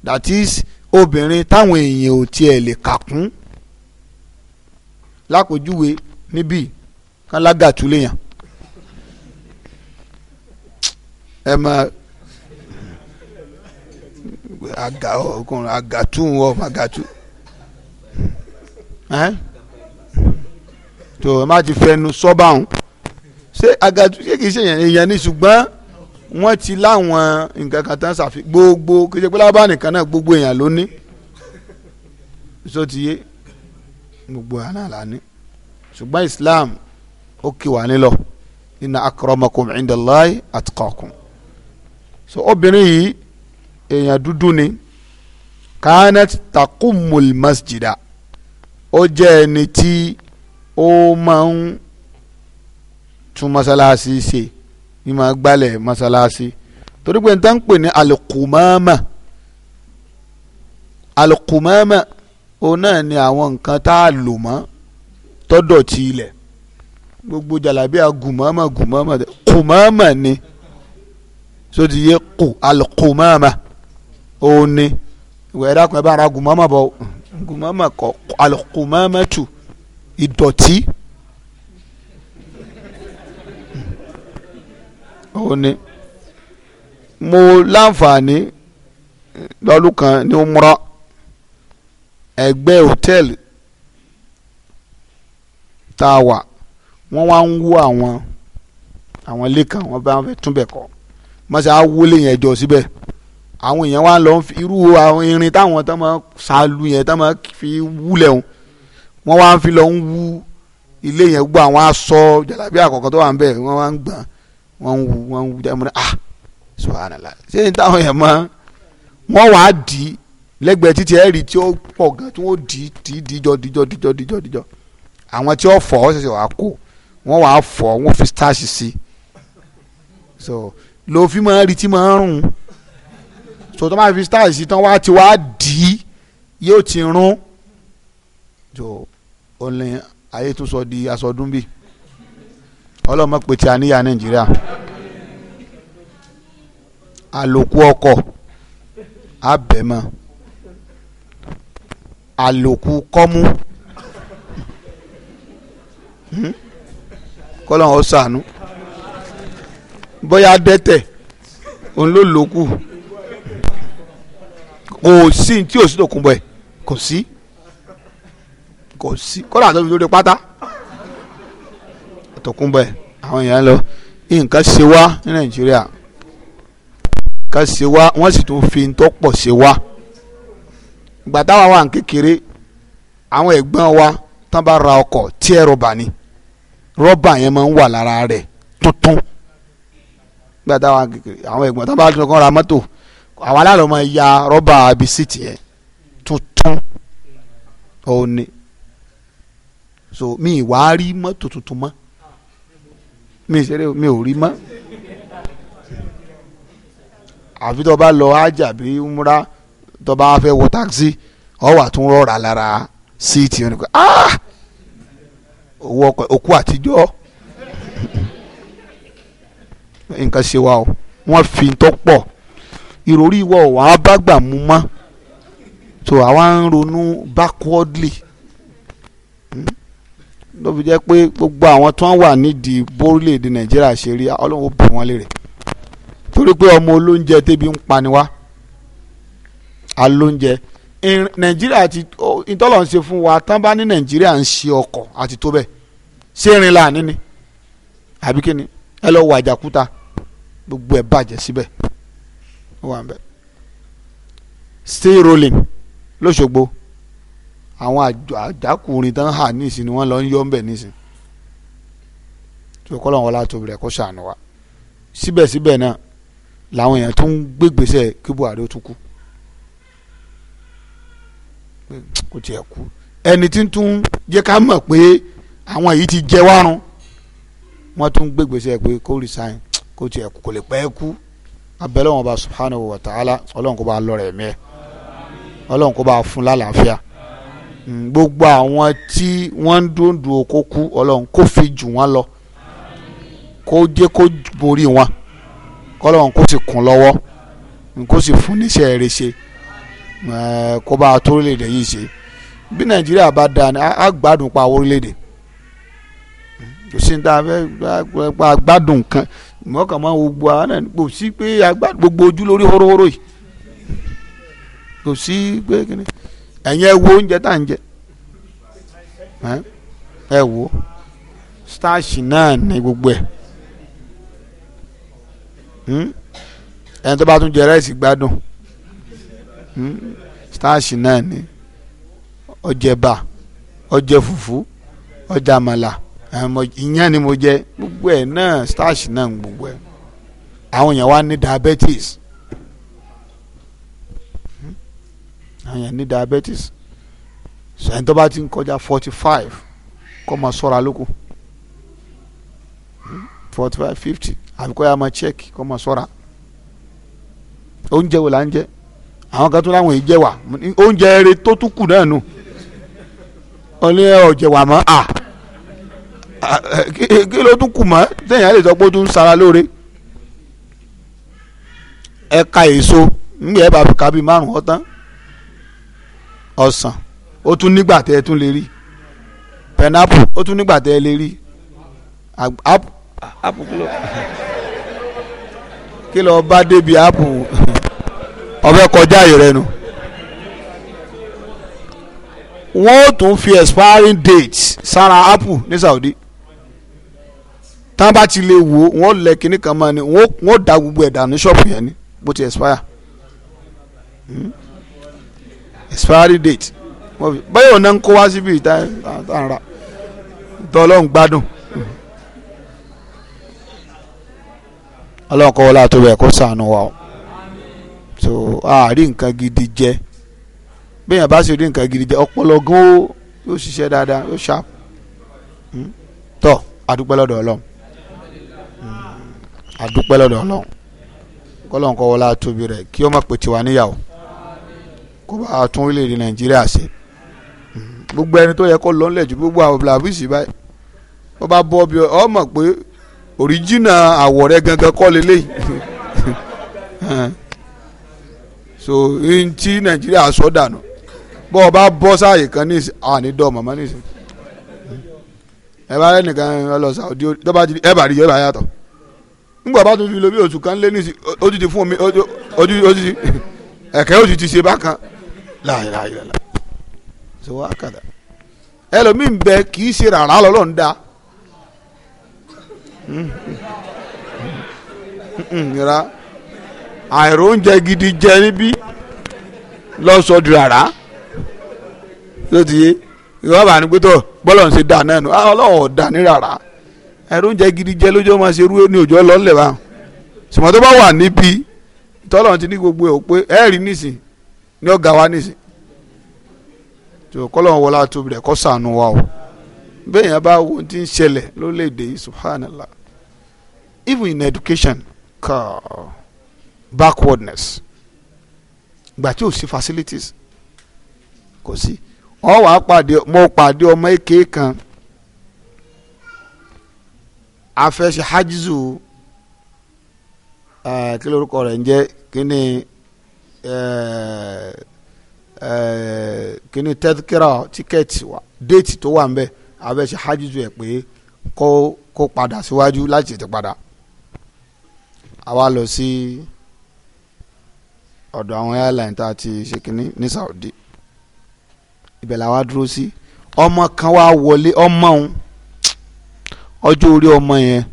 that is obìnrin táwọn èèyàn ò tiẹ̀ lè kà kún lápòjúwe níbí kan lágàtú léèyàn ẹ máa aga ọkùnrin agatu wọ agatu ẹ tó ẹ má ti fẹnu sọ́bà ọ̀hún ṣé àgàtú ṣé kìí ṣe èèyàn ní ṣùgbọ́n wọ́n ti láwọn nǹkan kan tán ṣàfi gbogbo kìí ṣe pé lábá nìkan náà gbogbo èèyàn ló ní ṣó ti yé gbogbo èèyàn là ní ṣùgbọ́n Islam ó kì wá nílọ inna akramakum indallahi atqakum so obìnrin yìí èèyàn dúdú ni kanat takumul masjida ó jẹ́ ẹni tí ó máa ń tún masalasi ṣe ní máa gbálẹ̀ mọ́sálásí torí pé n ta ń pè ní alukumama alukumama òun náà ni àwọn nǹkan tá a lò mọ́ tọ́dọ̀ ti ilẹ̀ gbogbo jàlábíà gùmọ́mọ́ gùmọ́mọ́ kùmọ́mọ́ ni sóti yé kù alukumama òun ni ìwé ẹ̀dá kan ẹ bá ara gùmọ́mọ́ bọ̀ gùmọ́mọ́ kọ alukumama tù ìdọ̀tí. òun ni mo láǹfààní lọ́dún kan ní umrah ẹgbẹ́ hòtẹ́ẹ̀lì tá a wà wọ́n wá ń wú àwọn àwọn ilé kan wọ́n bá wọn fẹ́ túnbẹ̀ kọ́ mọ̀sá wọlé yẹn jọ síbẹ̀ àwọn èèyàn wá lọ irú àwọn irin táwọn tó máa ṣàlù yẹn tó máa fi wúlẹ̀ wọn wọ́n wá ń fi lọ ń wú ilé yẹn gbọ́ àwọn aṣọ jàlábí àkọ́kọ́ tó wà ń bẹ̀ wọ́n wá ń gbọ́n wọ́n ń wu wọ́n ń wu dẹ́mu náà ah subhanallah ṣé ní táwọn yẹn mọ́ wọ́n wàá dì í lẹ́gbẹ̀ẹ́ títí ẹ̀rí tí ó pọ̀ gan tí wọ́n dì í dì í dìjọ́ dìjọ́ dìjọ́ dìjọ́ dìjọ́ àwọn tí ó fọ̀ ọ́ ṣẹ̀ṣẹ̀ wàá kó wọ́n wàá fọ̀ wọ́n fi starch sí so ló fi máa rí tí máa rùn so tó máa fi starch sí tán wá ti wá dì í yóò ti rún so ó ní ayé tó sọ di aṣọ bíi ọlọ́mọ pé tí a níyà nàìjíríà àlòkù ọkọ̀ abẹ́mọ àlòkù kọ́mú hmm? kọ́lọ́n ó sànú bóyá dẹ́tẹ̀ òun ló lòókù kò sí tí ò sí tó ẹ̀ kò sí kò sí kọ́lọ́n àti lórí pátá tòkúnbẹ̀ àwọn èèyàn lọ nǹkan ṣe wá ní nàìjíríà nǹkan ṣe wá wọ́n sì tún fi tó pọ̀ ṣe wá ìgbà táwọn wà ní kékeré àwọn ẹ̀gbọ́n wa tán bá ra ọkọ̀ tí ẹ ni rọ́bà yẹn máa ń wà lára rẹ̀ tuntun ìgbà táwọn àwọn ẹ̀gbọ́n tán bá tún kọ́ ra mọ́tò àwọn aláàlọ́ máa ya rọ́bà bisíìtì yẹn tuntun òun so mi ìwà rí mọ́tò tuntun mọ́ mi ìṣeré mi ò rí mọ́ àfi tó bá lọ ájà bí múra tó bá fẹ́ wọ táksì ọ wà tún rọra lára síìtì wọn ni pé ah! owó ọkọ òkú àtijọ́ nǹkan ṣe wa o wọ́n fi tó pọ̀ ìròrí ìwọ ò wá bá gbà mú mọ́ so àwa ń ronú backwardly. Hmm? ló fi jẹ́ pé gbogbo àwọn tó ń wà nídìí bórílẹ̀‐èdè nàìjíríà ṣe rí ọlọ́run ó bẹ̀ wọ́n lérè torí pé ọmọ olóúnjẹ tẹ́bi ń pani wá alóúnjẹ nàìjíríà ti ìtọ́lọ̀ ń ṣe fún wa tán bá ní nàìjíríà ń ṣe ọkọ̀ àti tó bẹ́ẹ̀ ṣé irin láàánú ni àbí kí ni ẹ lọ wọ àjàkúta gbogbo ẹ bàjẹ́ síbẹ̀ ó wà ń bẹ̀ stay rolling lóṣogbo àwọn àjàkùnrin tán hà nísìn ni wọ́n lọ ń yọ ń bẹ̀ nísìn tó kọ́ lọ́wọ́ látòbí rẹ̀ kó ṣàánú wa síbẹ̀síbẹ̀ náà làwọn èèyàn tó ń gbégbèsè kí Buhari ó tún kú kò tiẹ̀ kú ẹni tí ń tún jẹ́ ká mọ̀ pé àwọn yìí ti jẹ wárun wọ́n tún gbégbèsè pé kó resign kó tiẹ̀ kú kò lè pẹ́ kú abẹ́lẹ́ wọn bá subhanahu wa ta'ala ọlọ́run kó bá lọ́rẹ̀ mẹ́ ọlọ́run kó bá fún lálàáfíà gbogbo àwọn tí wọ́n ń dúndú okó kú ọlọ́run kó fi jù wọ́n lọ kó jẹ́ kó borí wọn kọ́lọ́run kó sì kún lọ́wọ́ kó sì fún níṣẹ́ rẹ̀ ṣe kó bá torílẹ̀-èdè yìí ṣe bí nàìjíríà bá dáa á gbádùn pa orílẹ̀-èdè kò sí ní ta fẹ́ gbádùn kan mọ́kàn máa wo gbogbo àwọn náà kò sí pé gbogbo ojú lórí horohoro yìí kò sí pé kíni ẹ̀yin ẹ wo oúnjẹ tá à ń jẹ ẹ wo starch náà ní gbogbo ẹ̀ hmm? ẹni tó bá tún jẹ rẹ́ẹ̀sì gbádùn hmm? starch náà ní ọjẹba ọjẹ fùfú ọjà àmàlà ìyẹn ni mo jẹ gbogbo ẹ̀ náà starch náà gbogbo ẹ̀ àwọn èèyàn wá ní diabetes anyan n'i diabetes sẹ́yìn tó bá ti ń kọjá forty five kọ́ máa sọ́ra lóko hmm? forty five ya máa check kọ́ máa sọ́ra oúnjẹ wo là ń jẹ àwọn kan tó láwọn èèyàn jẹ wà oúnjẹ eré tó tún kù náà nù ó ní ọ̀jẹ̀ wà mọ́ à kí ló tún kù mọ́ sẹ́yìn á sara lóore èso bá fi ọsàn ó tún nígbà tẹ ẹ tún lè rí pineapple ó tún nígbà tẹ ẹ lè rí apu kúlò kí lọ bá débi apu ọbẹ̀ kọjá ayò rẹ nu wọ́n ó tún fi expiring date sára apu ní Saudi tá a bá ti lè wò wọ́n lẹ̀ kínní kan máa ní wọ́n ó da gbogbo ẹ̀ dànù ṣọ́ọ̀bù yẹn ni bó ti expire. Hmm? expiry date báyọ̀ náà ń kó wá síbi ìta àrà tọ́lọ́hún gbádùn. ọlọ́run kọ́ wọlé àtọ́bẹ̀ kó sànù wa o so àárín nǹkan gidi jẹ bẹ́ẹ̀ bá sì rí nǹkan gidi jẹ ọpọlọ gan o yóò ṣiṣẹ́ dáadáa yóò ṣáp hmm? tọ́ àdúpẹ́ lọ́dọ̀ ọlọ́run àdúpẹ́ hmm. lọ́dọ̀ ọlọ́run kọ́lọ́run kọ́ wọlé àtọ́bẹ̀ rẹ̀ kí ó má pè tiwa níyàwó. kó bá a tún orílẹ̀-èdè gbogbo ẹni tó yẹ kó lọ nílẹ̀ gbogbo àwọn blabisi báyìí wọ́n bá bọ́ bí ọ mọ̀ pé àwọ̀ rẹ gangan kọ́ so n ti nàìjíríà sọ dànù bọ́ ọ bá bọ́ sáàyè kan ní àní dọ̀ mọ̀mọ́ ní ìsìn ẹ bá rẹ́nìkan ẹ lọ sàwọ́dí tó bá ti ẹ bá rí ẹ bá yàtọ̀ nígbà bá tún fi lo bí oṣù kan lé ní ìsìn fún omi ẹ̀kẹ́ òsì ti ṣe bákan láìláìláìlá ṣe wá kàdà ẹlòmíì ń bẹ kì í ṣe rárá lọ́lọ́ ń nira àìrò oúnjẹ gidi jẹ níbí lọ́sọ̀dù rárá ló ti yé ìwọ́ba ni pété bọ́lọ̀ ń ṣe dà náà nù ọlọ́wọ́ dà ní rárá àìrò oúnjẹ gidi jẹ lójó máa ṣe rú ní òjò lọ́lẹ̀ bá sùmọ́tò bá wà níbí tọ́lọ̀ ti ní gbogbo ẹ̀ ò pé ẹ̀ rí nísìn ní ọ̀gá wa nísìn tí o kọ́lọ̀ wọlé àtúbí rẹ̀ kọ́ sànù wa o bẹ́ẹ̀ yẹn bá wo ti ń ṣẹlẹ̀ lórílẹ̀‐èdè yìí subhanallah even in education ka backwardness gbà tí o sí facilities kò sí ọ wàá pàdé mo pàdé ọmọ èké kan afẹ́ ṣe hajizu kí lórúkọ rẹ̀ ń jẹ́ kíni kíni tẹ́tíkẹ́rà tíkẹ́ẹ̀tì wa déètì tó wà ń bẹ̀ abẹ́sẹ̀ hajjú ẹ̀ pé kó kó padà síwájú láti tètè padà àwa lọ sí ọ̀dọ̀ àwọn airline tá a ti ṣe kínní ní Saudi ibẹ̀ làwa dúró sí ọmọ kan wá wọlé ọmọ òun ọjọ́ orí ọmọ yẹn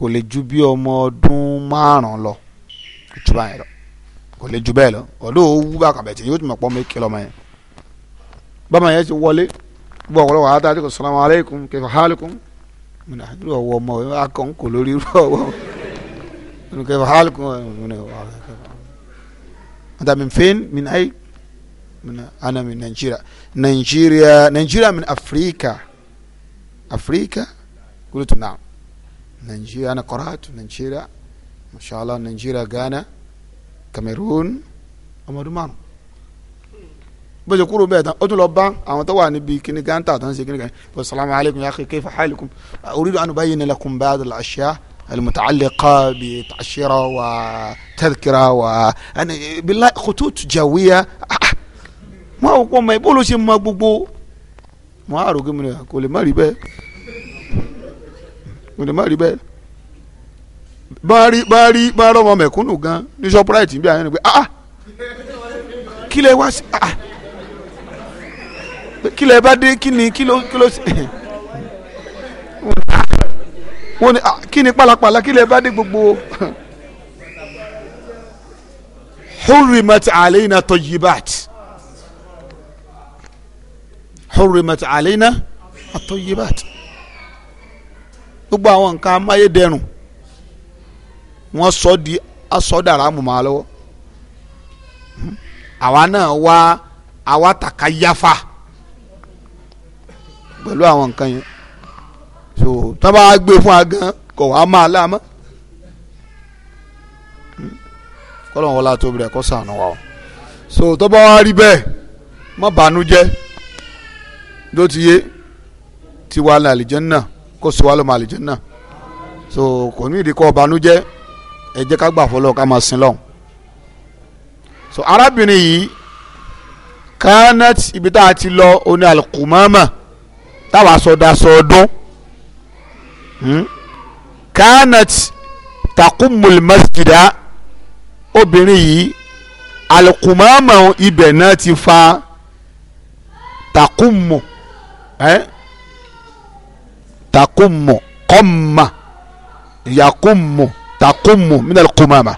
kò lè ju bí ọmọ ọdún márùn lọ kò ju báyìí lọ kò lè ju bẹ́ẹ̀ lọ ọdún owó bá kàbẹ̀ tí yóò tún mọ̀ pọ́ mi kìlọ̀ mọ́ yẹn bámu yẹn ti wọlé gbọ́ ọ̀pọ̀lọpọ̀ àti àti kò salamu aleykum kẹfà halikum múna ah, irú ọwọ́ ọmọ akọ̀ ń kò lórí irú ọwọ́ múna kẹfà halikum múna ọwọ́ múna fẹ́ẹ́n mi náà múna ana mi nàìjíríà nàìjíríà nàìjíríà mi afirika afirika kúrò tó náà. نيجيريا أنا قرأت نيجيريا ما شاء الله نيجيريا غانا كاميرون أمدومان bó ṣe kúrò bẹ́ẹ̀ tán ó tún lọ bá àwọn tó wà níbi kíní gáńtà tó ń ṣe kíní kan bó salamu alaykum ya akhi kayfa halukum المتعلقة بتعشيرة وتذكرة و يعني بالله خطوط جوية ما هو ما يقولوا شيء ما بوبو ما أعرف كم يقول ما بي ǹdẹ̀ má rí bẹ́ẹ̀ bá rí bá rí bá rọmọ mẹ̀kúnnù gan ní shoprite bí àyẹ̀nù pé ah, ah kí lẹ wá sí ah, ah kí lẹ bá dé kí ni kí ló kí ló sí wọ́n ní ah, kí ni pàlàpàlà kí lẹ bá dé gbogbo hurrimat alayna tayyibat hurrimat alayna at gbogbo àwọn nǹkan amáyédẹrùn wọ́n sọ di asọdàrà mọ̀mọ́ lọ́wọ́ àwa náà wá àwa tàka yáfa pẹ̀lú àwọn nǹkan yẹn so tọ́ bá gbé fún wa gan kò wá máa láàmọ́ kọ́lọ́n wọlé àti obìnrin ẹ̀kọ́ sànù wa o so tó bá wá rí bẹ́ẹ̀ má bànújẹ́ ló ti yé tiwa làlìjẹ́ náà kó sọ wá lọ́mọ àlìjẹ́nà so kò ní ìdíkọ́ ọ̀bànújẹ́ ẹ jẹ́ ká gbà fọlọ́ ká máa sin lọ́hùn so arábìnrin yìí kanat ibi tá a ti lọ oní alukumama táwa sọdá sọdún hmm? takumul masjida obìnrin yìí alukumama ibẹ̀ náà ti fa takumu. Eh? takumu kọma yakumu takumu minal kumama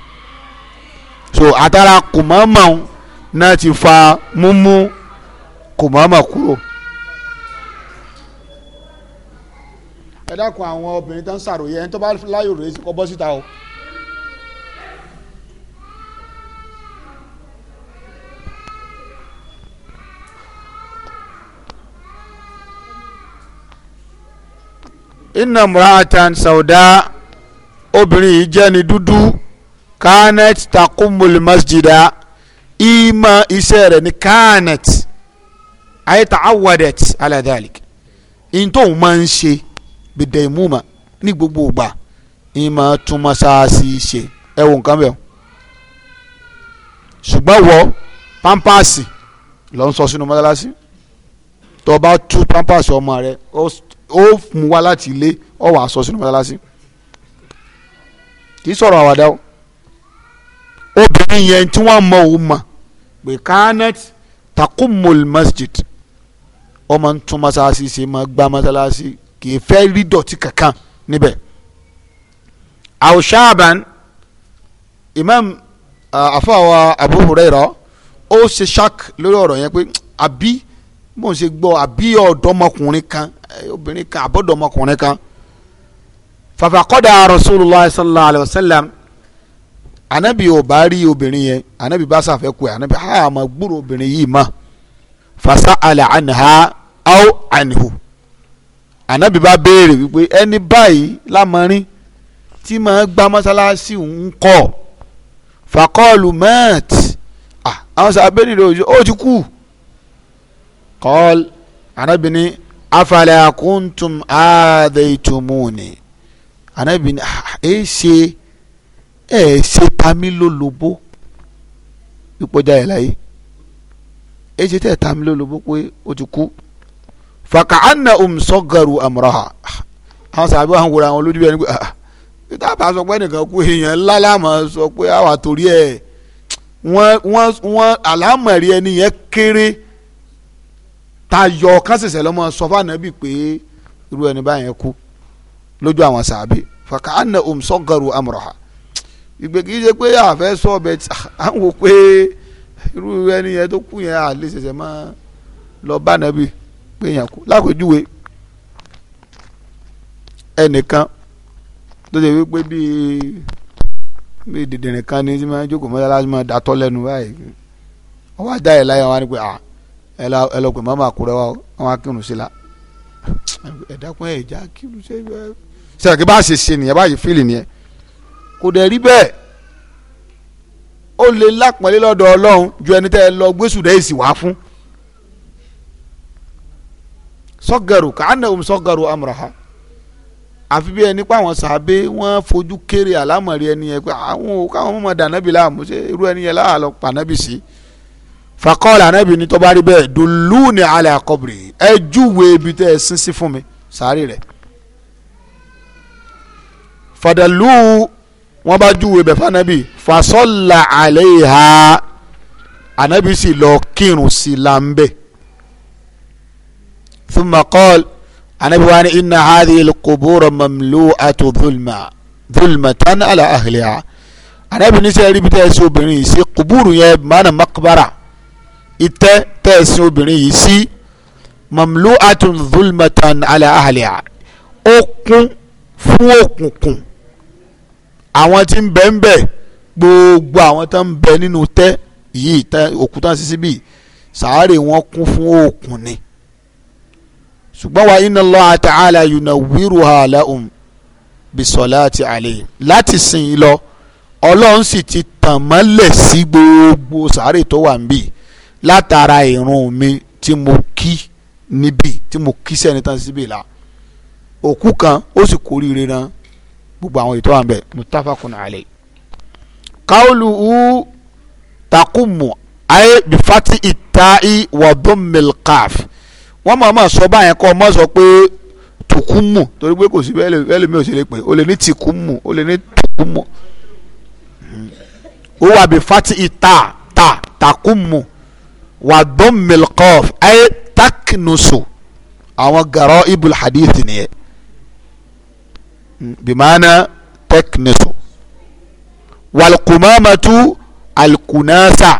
so atara kumama náà ti fa mímú kumama kúrò. ẹ dákun àwọn obìnrin tó ń ṣàròyé ẹni tó bá láyò rèé kó bọ́ síta o. inna muratan sauda obìnrin yìí jẹ́ ni dúdú kanet takumul masjida ima iṣẹ́ rẹ̀ ni kanet ayé ta'awadet aladalik in tó ń máa ń ṣe bìdẹ̀ ìmúma ní gbogbo ìgbà ima tún masáàsì ṣe ẹ wo nǹkan bẹ́ẹ̀ ṣùgbọ́n wọ pampasi lọ́n sọ sínú mọ́tálásí tó tú pampasi ọmọ rẹ ó mú wa láti ilé ọ wà sọ sínú mọ́tàlásí kì í sọ̀rọ̀ àwàdà o obìnrin yẹn tí wọ́n mọ òun mọ̀ pé kánẹ́t takumul masjid ọmọ ń tún mọ́tàlásí ṣe máa gbá mọ́tàlásí kì í fẹ́ rí dọ̀tí kankan níbẹ̀ àwòṣàbàn imam àfọwọ́ uh, Abu Hurairah ó ṣe ṣak lórí ọ̀rọ̀ yẹn pé àbí bó ń ṣe gbọ́ àbí ọ̀dọ́mọkùnrin kan eh, obìnrin kan àbọ̀dọ́mọkùnrin kan fàfàkọ́dà rasulillah sallallahu alayhi wa sallam anabi ò bá rí obìnrin yẹn anabi bá sàfẹ́ kú ẹ anabi ha àmọ́ gbúrò obìnrin yìí mọ́ fasa ala anha aw anhu anabi bá béèrè wípé ẹni báyìí lámọ́rin tí màá gbá mọ́sálásí ń kọ́ fàkọ́ọ̀lù mẹ́ẹ̀t àwọn sábẹ́ nìyẹn ó ti kú kọ́l anabini afala kuntum adaitumuni anabini ẹ ṣe ẹ ṣe tami lólobó ìpọjá yẹn láyé ẹ ṣe tẹ tami lólobó pé o ti kú fàkà ànà òmùsọ̀gàrù àmúraha àwọn sàbẹ̀ àwọn wòrán àwọn olódìbẹ̀ nígbà tá a bá sọ pé nìkan kú èèyàn ńlá láàmú sọ pé àwa torí ẹ wọ́n wọ́n wọ́n àlámọ̀rí ẹni yẹn kéré tayọ kánsẹsẹ lọmọ sọfà nàbì pé irú ẹni báyẹn kú lójú àwọn sàbí fàkànnà òmùsọgàrù amúrọ̀hà ìgbè kìí ṣe pé àfẹ́ sọ ọbẹ̀ tí à ń wò pé irú ẹni yẹn tó kú yẹn àlè ṣẹ̀ṣẹ̀ máa lọ bá nàbì pé yẹn kú lákòójúwe ẹnìkan tó ṣe wípé bíi bíi dìndìnrín kan ní tí máa jókòó mọ́tàlá máa dàtọ́ lẹ́nu báyìí ọwọ́ ajá láyé wọn á ní pé ah ẹ lọ ẹ lọ pè wa wọn kírun sí la ẹ dákun ẹ ìjà kírun ṣe ẹ sẹ́yìn kí bá ṣe ṣe nìyẹn báyìí fíìlì nìyẹn kò dẹ̀ rí bẹ́ẹ̀ ó lè lápọ̀nlé lọ́dọ̀ ọlọ́run ju ẹni tẹ́ ẹ lọ gbésùdẹ́ èsì wá fún sọ́gẹ̀rù káànàhùn sọ́gẹ̀rù amúraha àfi bí ẹni pé àwọn sàbẹ wọn fojú kéré àlámọ̀rí ẹni yẹn pé àwọn káwọn mọ̀ dànábì láàmú ṣe irú ẹni yẹn láàlọ́ pànábì sí. Si fakọ́ọ̀lù anábì ní tó bá rí bẹ́ẹ̀ dùlù ní alẹ́ àkọ́bìrì ẹ júwe ibi tẹ́ ẹ sin sí fún mi sàárì rẹ̀ fàdàlù wọn bá júwe bẹ̀ fànàbì fasọ́là alẹ́ ìhà anábì sì lọ kírun sí làǹbẹ̀ thumma qala anábì wa ni inna hadhihi al-qubura mamlu'atu dhulma dhulmatan ala ahliha anábì ní sẹ́yìn rí ibi tẹ́ ẹ sin obìnrin yìí sí kùbúrú yẹn mọ́nà makbara ìtẹ́ tẹ̀sìn obìnrin yìí sí mamlu atun zulmatan ala ahaliya ó kún fún òkùnkùn àwọn tí ń bẹ ń bẹ gbogbo àwọn tó ń bẹ nínú tẹ́ yìí tẹ́ òkúta sísí bíi sàárè wọn kún fún òkùn ni ṣùgbọ́n wa inna Allah ta'ala yunawwiruha lahum bisolati alayhim láti sìn ín lọ ọlọ́run sì ti tàn mọ́lẹ̀ sí gbogbo sàárè tó wà ń bíi látara ìrun mi tí mo kí níbí tí mo kí sẹ́ni tán síbí la òkú kan ó sì kórìíre ran gbogbo àwọn ètò àwọn bẹ mutafakun alẹ. kaulu takumu ayé bifati itai wàdúmilkaf wọ́n máa ma sọ báyẹn kọ́ ọ ma sọ pé tukumu torí pé kò sí bẹ́ẹ̀ lè mi ò sì lè pè ó lè ní tikumu ó lè ní tukumu ó wà bifati ita ta takumu wà dọ́mìl kọ́f ayé taknusu àwọn gàrọ́ ibùl hadith nìyẹn bimaana taknusu wàlùkùmámàtú alkunasa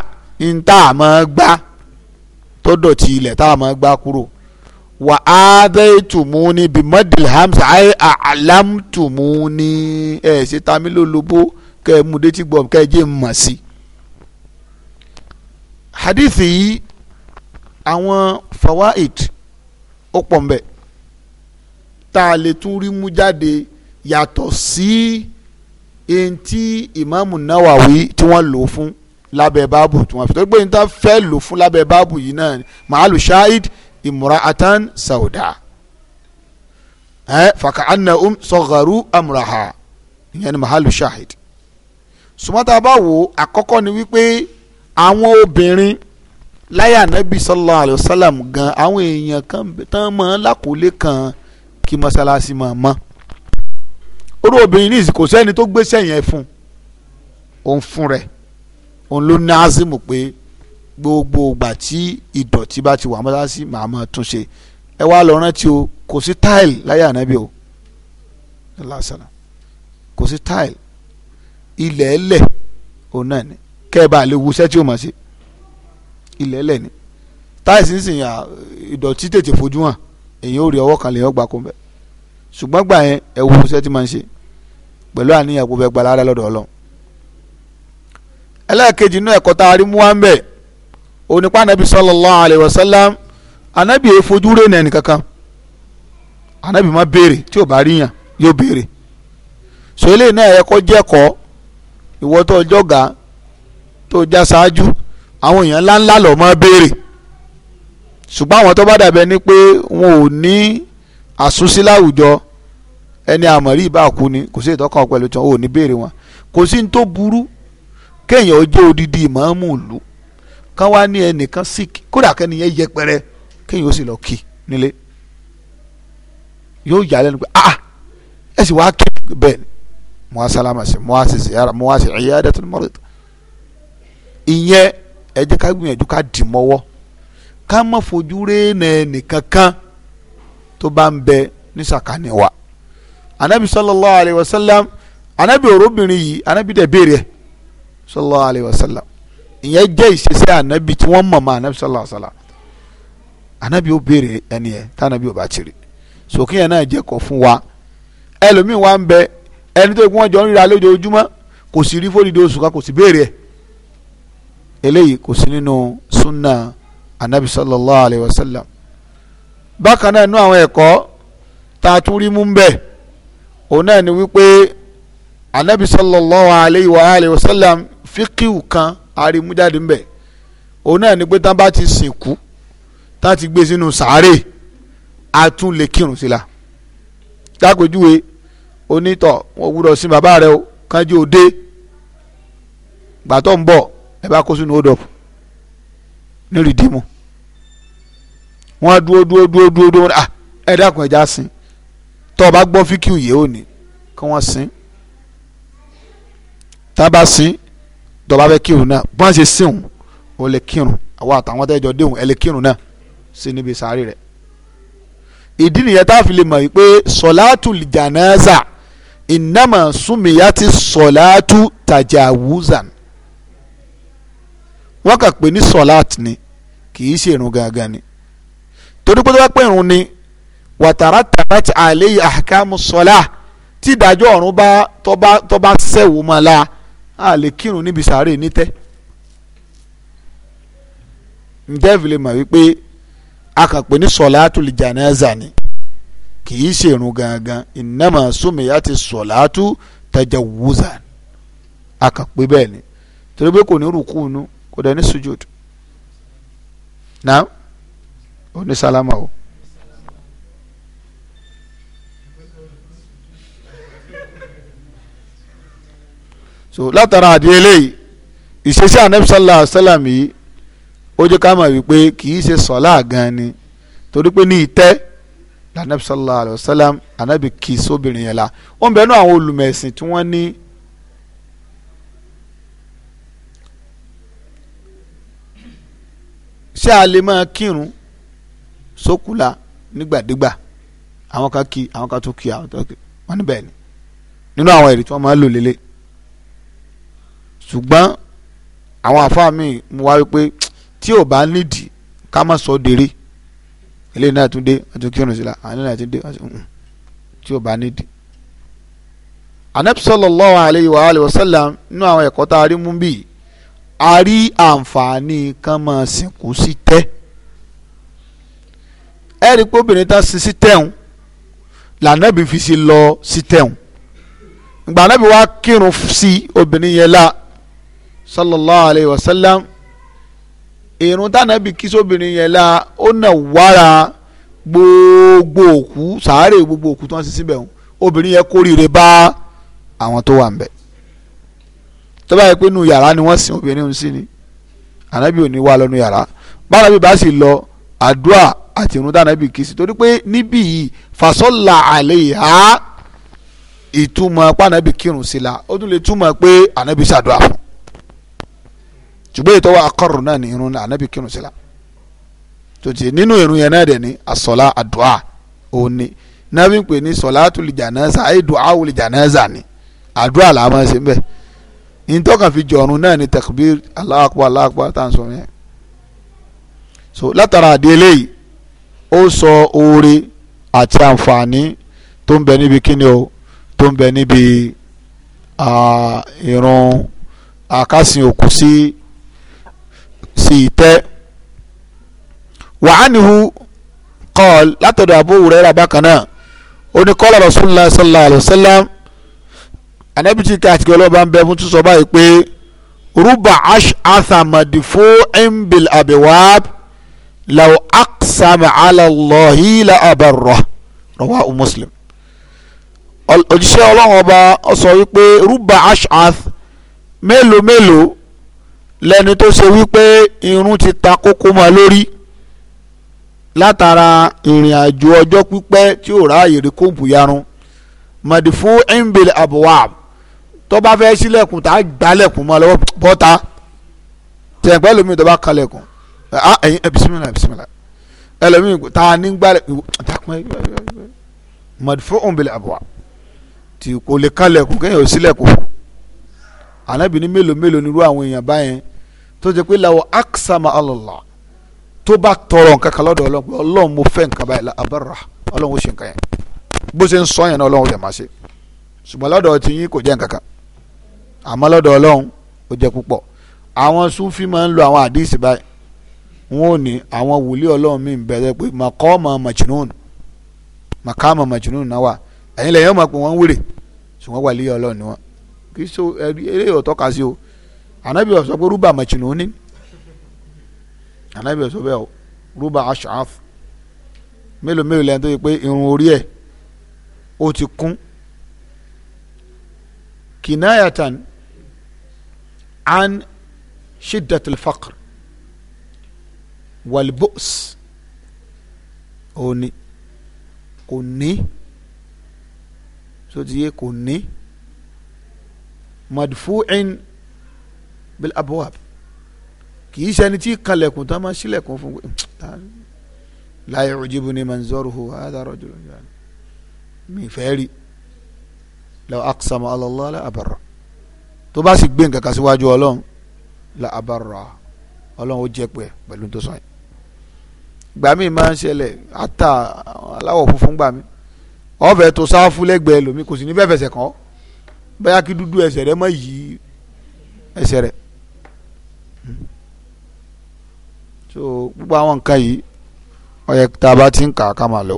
ń tá a máa gbá tó dọ̀tí ilẹ̀ tá a máa gbá kúrò wà á bẹ́ẹ̀ tùmúni bimadil hamsa ayé àlámtùmúni ẹ̀ ẹ mú detí gbọ́ kẹ́ ẹ jẹ́ mọ̀ sí hadithi yìí àwọn fawaid ó pọ̀ ń bẹ̀ tá a lè tún rí mú jáde yàtọ̀ sí ẹni tí ìmáàmù Nawawi tí wọ́n lò fún lábẹ́ báàbù tí wọ́n fi tó gbé ní tá fẹ́ lò fún lábẹ́ báàbù yìí náà màálù shahid imra'atan sauda ẹ fàkànnà um sọ̀gàrú amraha ìyẹn ni màálù shahid sùmọ́tà bá wò àkọ́kọ́ ni wípé àwọn obìnrin láyé ànábì sallallahu alayhi wa sallam gan àwọn èèyàn kan tán mọ́ lákòólé kan kí mọ́sálásí mọ́ mọ́ orú obìnrin ní ìsìnkò sẹ́ni tó gbéṣẹ́ yẹn fún òun fún rẹ̀ òun ló ní azimu pé gbogbo ìgbà tí ìdọ̀tí bá ti wà mọ́sálásí màá mọ́ tún ṣe ẹ wá lọ rántí o kò sí táìlì láyé ànábì o kò sí táìlì ilẹ̀ ẹlẹ̀ òun náà ni kẹ́ẹ̀bà lè wuṣẹ́ tí ó mọ̀ ilẹ̀ lẹ̀ ni táìsì sìn yà ìdọ̀tí tètè fojú hàn èyí ò rí ọwọ́ kan lèyàn gbà kó bẹ́ẹ̀ ṣùgbọ́n gbà yẹn ẹ wo wuṣẹ́ tí máa ń ṣe pẹ̀lú àníyàn fẹ́ gba lára lọ́dọ̀ ọlọ́run ẹlẹ́ẹ̀kejì inú ẹ̀kọ́ tá a rí mú wá ń bẹ̀ onípa anabi sallallahu alayhi wa sallam anabi yẹn fojú rẹ̀ nà ẹnìkankan anabi má béèrè tí ò bá rí yàn yóò béèrè sọ eléyìí náà ẹ̀kọ́ jẹ́kọ̀ọ́ ìwọ́tọ̀ tó já ṣáájú àwọn èèyàn ńláńlá lọ mọ́ béèrè ṣùgbọ́n àwọn tó bá dàbẹ́ ni pé wọn ò ní àsúnsí láwùjọ ẹni àmọ̀rí ìbá kú ni kò sí ìtọ́kàn pẹ̀lú tí wọn ò ní béèrè wọn kò sí ní tó burú kéèyàn ó jẹ́ odidi ìmáàmù ìlú kán wá ní ẹnìkan sick kódà kẹ́niyẹn yẹpẹrẹ kéèyàn ó sì lọ kí nílé yóò yà lẹ́nu pé ah, ah ẹ sì wá kí bẹ́ẹ̀ ni mo wá sálámà sí mo wá sì sí yàrá mo wá sì ẹ̀yà ẹ̀dẹ́tún mọ́rẹ́tì ìyẹn ẹ jẹ́ ká gbìyànjú ká dì mọ́wọ́ ká má fojú rénà ẹnìkankan tó bá ń bẹ ní sàkání anabi sallallahu alayhi wa sallam anabi orobìnrin yìí anabi dẹ̀ béèrè sallallahu alayhi wa sallam ìyẹn jẹ́ ìṣesí anabi tí wọ́n mọ̀ mọ́ anabi sallallahu alayhi wa sallam anabi ó béèrè ẹni yẹn tá anabi ò bá tiri sòkè yẹn náà jẹ́ kọ́ fún wa ẹlòmíín wa ń bẹ ẹni tó gbọ́n jọ ń ríra lójoojúmọ́ kò sì rí fódìdí oṣù kan kò sì béèrè ẹ̀ eléyìí kò sí nínú sunna anabi sallallahu alayhi wa sallam bákan náà nínú àwọn ẹ̀kọ́ tá a tún rí mú bẹ́ẹ̀ òun náà ni wípé anabi sallallahu alayhi wa alayhi wa sallam fíkìw kan arimújáde ń bẹ̀ òun náà ni pé tá a bá ti sìnkú tá a ti gbé sínú sàárè a tún lè kírun sí la dákòjúwe onítọ̀ wọn gbúdọ̀ sin bàbá rẹ o kánjú òde gbàtọ̀ ń bọ̀ ẹ bá kó sínú hold up ní rìdíìmù wọ́n á dúró dúró dúró dúró dúró ah ẹ dákun ẹja sin tọ́ ọ bá gbọ́ fíkìú yìí ò ní kí wọ́n sin tá a bá sin tọ́ ọ bá fẹ́ kírun náà bọ́n ṣe sin òun ò lè kírun àwọn àtàwọn tẹ́jọ déhùn ẹ lè kírun náà sí níbi sáré rẹ̀ ìdí nìyẹn tá a fi lè mọ̀ wípé sọ̀láàtù jànáza ìnámà súnmìyà ti sọ̀láàtù tàjàwùzàn wọ́n kà pé ní sọ̀láàtì ni kì í ṣe irun gàgà ni torí pé tó bá irun ni wàtàrà tàrà ti àlẹ́ àkàmù sọ̀lá tí ìdájọ́ ọ̀run bá tọ́ba tọ́ba sẹ́wò máa la a lè kírun níbi sàárè nítẹ́ ǹjẹ́ ìfìlẹ̀ mọ̀ wípé a kàn pé ní sọ̀láàtù lè jànáza ni kì í ṣe irun gangan ìnáma súnmìyà ti sọ̀láàtù tajawuzan a kàn pé bẹ́ẹ̀ ni torí pé kò ní rúkú inú. No? kò dẹ̀ ní sujud náà ó ní sálámà o. so látara àdé eléyìí ìṣesí anabi sallallahu alayhi wa sallam yìí ó jẹ́ ká mọ̀ wípé kì í ṣe sọ́lá gan ni torí pé ní ìtẹ́ lànàbi sallallahu anabi kì í sóbìnrin yẹn la ó ń bẹnu àwọn olùmẹ̀sìn tí wọ́n ní ṣé a lè máa kírun sókùlà nígbàdégbà àwọn kan kí àwọn kan tó kí àwọn tó kí wọn níbẹ̀ ni nínú àwọn èrè tí wọ́n máa ń lò lélẹ̀ ṣùgbọ́n àwọn àfáà mi mú wá wípé tí ò bá nídìí ká má sọ dèrè eléyìí náà tún dé wọ́n kírun sí la àwọn eléyìí náà tún dé wọ́n tí ò bá nídìí. anabi sallallahu alayhi wa alayhi wa sallam nínú àwọn ẹ̀kọ́ tá a rí mú bíi a rí àǹfààní kan máa sìnkú sí tẹ́ ẹ rí i pé obìnrin tá sin sí tẹ̀hún lànàbí fi ṣe lọ sí tẹ̀hún ìgbà náà bí wàá kírun sí obìnrin yẹn la sallallahu alayhi wa sallam irun tànàbí kí sóbìnrin yẹn la ó nà wára gbogbo òkú sàárè gbogbo òkú tó ń sin síbẹ̀ hùn obìnrin yẹn kórìíre bá àwọn tó wà ń bẹ̀ tó bá yẹ pé nu yàrá ni wọ́n sin obìnrin òun sí ni ànábì ò ní wá lọ́nu yàrá bánábì bá sì lọ àdúrà àti ìrun dánábì kì í sí torí pé níbí yìí fasọ́là àlẹ́ ìhá ìtumọ̀ pánábì kírun sí la ó tún lè túmọ̀ pé ànábì ṣàdúrà fún ṣùgbọ́n ìtọ́wọ́ akọ́rù náà ní irun ànábì kírun sí la tòtí nínú irun yẹn náà dẹ̀ ní asọ́lá àdúrà òun ni náà pè ní sọ́lá tùlìjà náà sá àìdùn àwòlìjà náà zà ní àdúrà làwọn ṣe ń bẹ́ẹ̀ ìtọ́kàn fi jọ̀run náà ni takbir Allahu Akbar Allahu Akbar tá à so latara àdéhélé yìí ó sọ oore àti àǹfààní tó ń bẹ níbi kíni o tó ń bẹ níbi ìrun àkásìn òkú sí sí ìtẹ́ wàhánihu kọ́ọ̀l látọ̀dọ̀ Abu Hurairah bákan náà ó Rasulullah sallallahu alayhi wa sallam anabi ti ka àti kí ọlọ́ba ń bẹ fún tún sọ báyìí pé rúbà ash athamadi fún embil abewab law aqsama ala Allahi la abarra rawahu muslim òjíṣẹ́ ọlọ́run ọba sọ wípé rúbà ash ath mélòó mélòó lẹ́ni tó ṣe wípé irun ti ta kókó mọ́ lórí látara ìrìn àjò ọjọ́ pípẹ́ tí ò ráàyè rí kóòbù yarun madifu embil abewab tó bá fẹ́ sílẹ̀kùn tá a gbálẹ̀kùn mọ́ lọ́wọ́ bọ́ta tẹ̀ pẹ́ tó bá kalẹ̀kùn ẹ̀yin ẹ̀ bisimilá bisimilá tá a ní gbálẹ̀kùn mọ̀dìfọ́ òǹbẹ̀lẹ̀ àbúwá tí kò lè kalẹ̀kùn kéèyàn ò sílẹ̀kùn ànábì ní mélòó mélòó nírú àwọn èèyàn báyẹn tó jẹ́ pé làwọn aksama alọ́lá tó bá tọrọ nǹkan kan lọ́dọ̀ ọlọ́run pé ọlọ́run mo fẹ́ nǹkan báyìí la abara ọlọ́run ó ṣe nǹkan yẹn bó àmọ́ lọ́dọ̀ ọlọ́run ó jẹ́ púpọ̀ àwọn sufi máa ń lo àwọn àdìsí báyìí wọn ò ní àwọn wòlíì ọlọ́run mi bẹ̀rẹ̀ pé makọ́ọ̀mọ̀ majnun makama majnun náà wà ẹ̀yin lẹ́yìn ọmọ pé wọ́n ń wèrè ṣùgbọ́n wàlíì ọlọ́run ni wọ́n kì í so eré ọ̀tọ́ ka sí o anabi ọ̀sọ́ pé rúbà majnun ní anabi ọ̀sọ́ bẹ́ẹ̀ rúbà ashaf mélòó mélòó lẹ́yìn tó yẹ pé irun orí ẹ̀ ó ti kún kìnnáyàtàn عن شدة الفقر والبؤس أوني كوني سوزي كوني مدفوع بالأبواب كي سنتي قلكم تما شلكم لا يعجبني منظره هذا رجل يعني من فعلي لو أقسم على الله لا أبرأ tó bá sì gbé nǹkan kan síwájú ọlọ́run la abarra ọlọ́run ó jẹ́ pẹ́ pẹ̀lú tó sọ yẹn gbà mí máa ń ṣẹlẹ̀ ata aláwọ̀ funfun gbà mí ọ̀fẹ́ tó sáfù lẹ́gbẹ̀ẹ́ lómi kò sì ní bẹ́ẹ̀ fẹsẹ̀ kàn ọ́ bẹ́ẹ̀ kí dúdú ẹsẹ̀ rẹ mọ̀ yí ẹsẹ̀ rẹ so gbogbo àwọn nǹkan yìí ó yẹ tá a bá ti ń kà ká máa lọ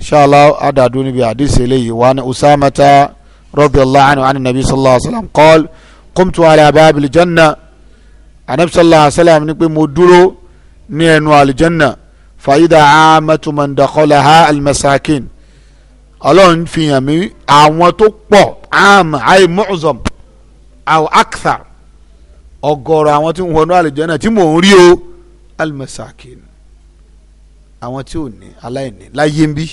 inshallah adadu níbi àdìsí eléyìí wa ni usamata. رضي الله عنه عن النبي صلى الله عليه وسلم قال قمت على باب الجنة النبي صلى الله عليه وسلم نقول مدرو نينو الجنة فإذا عامة من دخلها المساكين ọlọ́run fi hàn mí àwọn tó pọ̀ am ayi mu'zam aw akthar ọ̀gọ̀rọ̀ àwọn tí ń wọnú àlùjànnà tí mò ń rí o almasakin àwọn tí ò ní aláìní láyé ń bí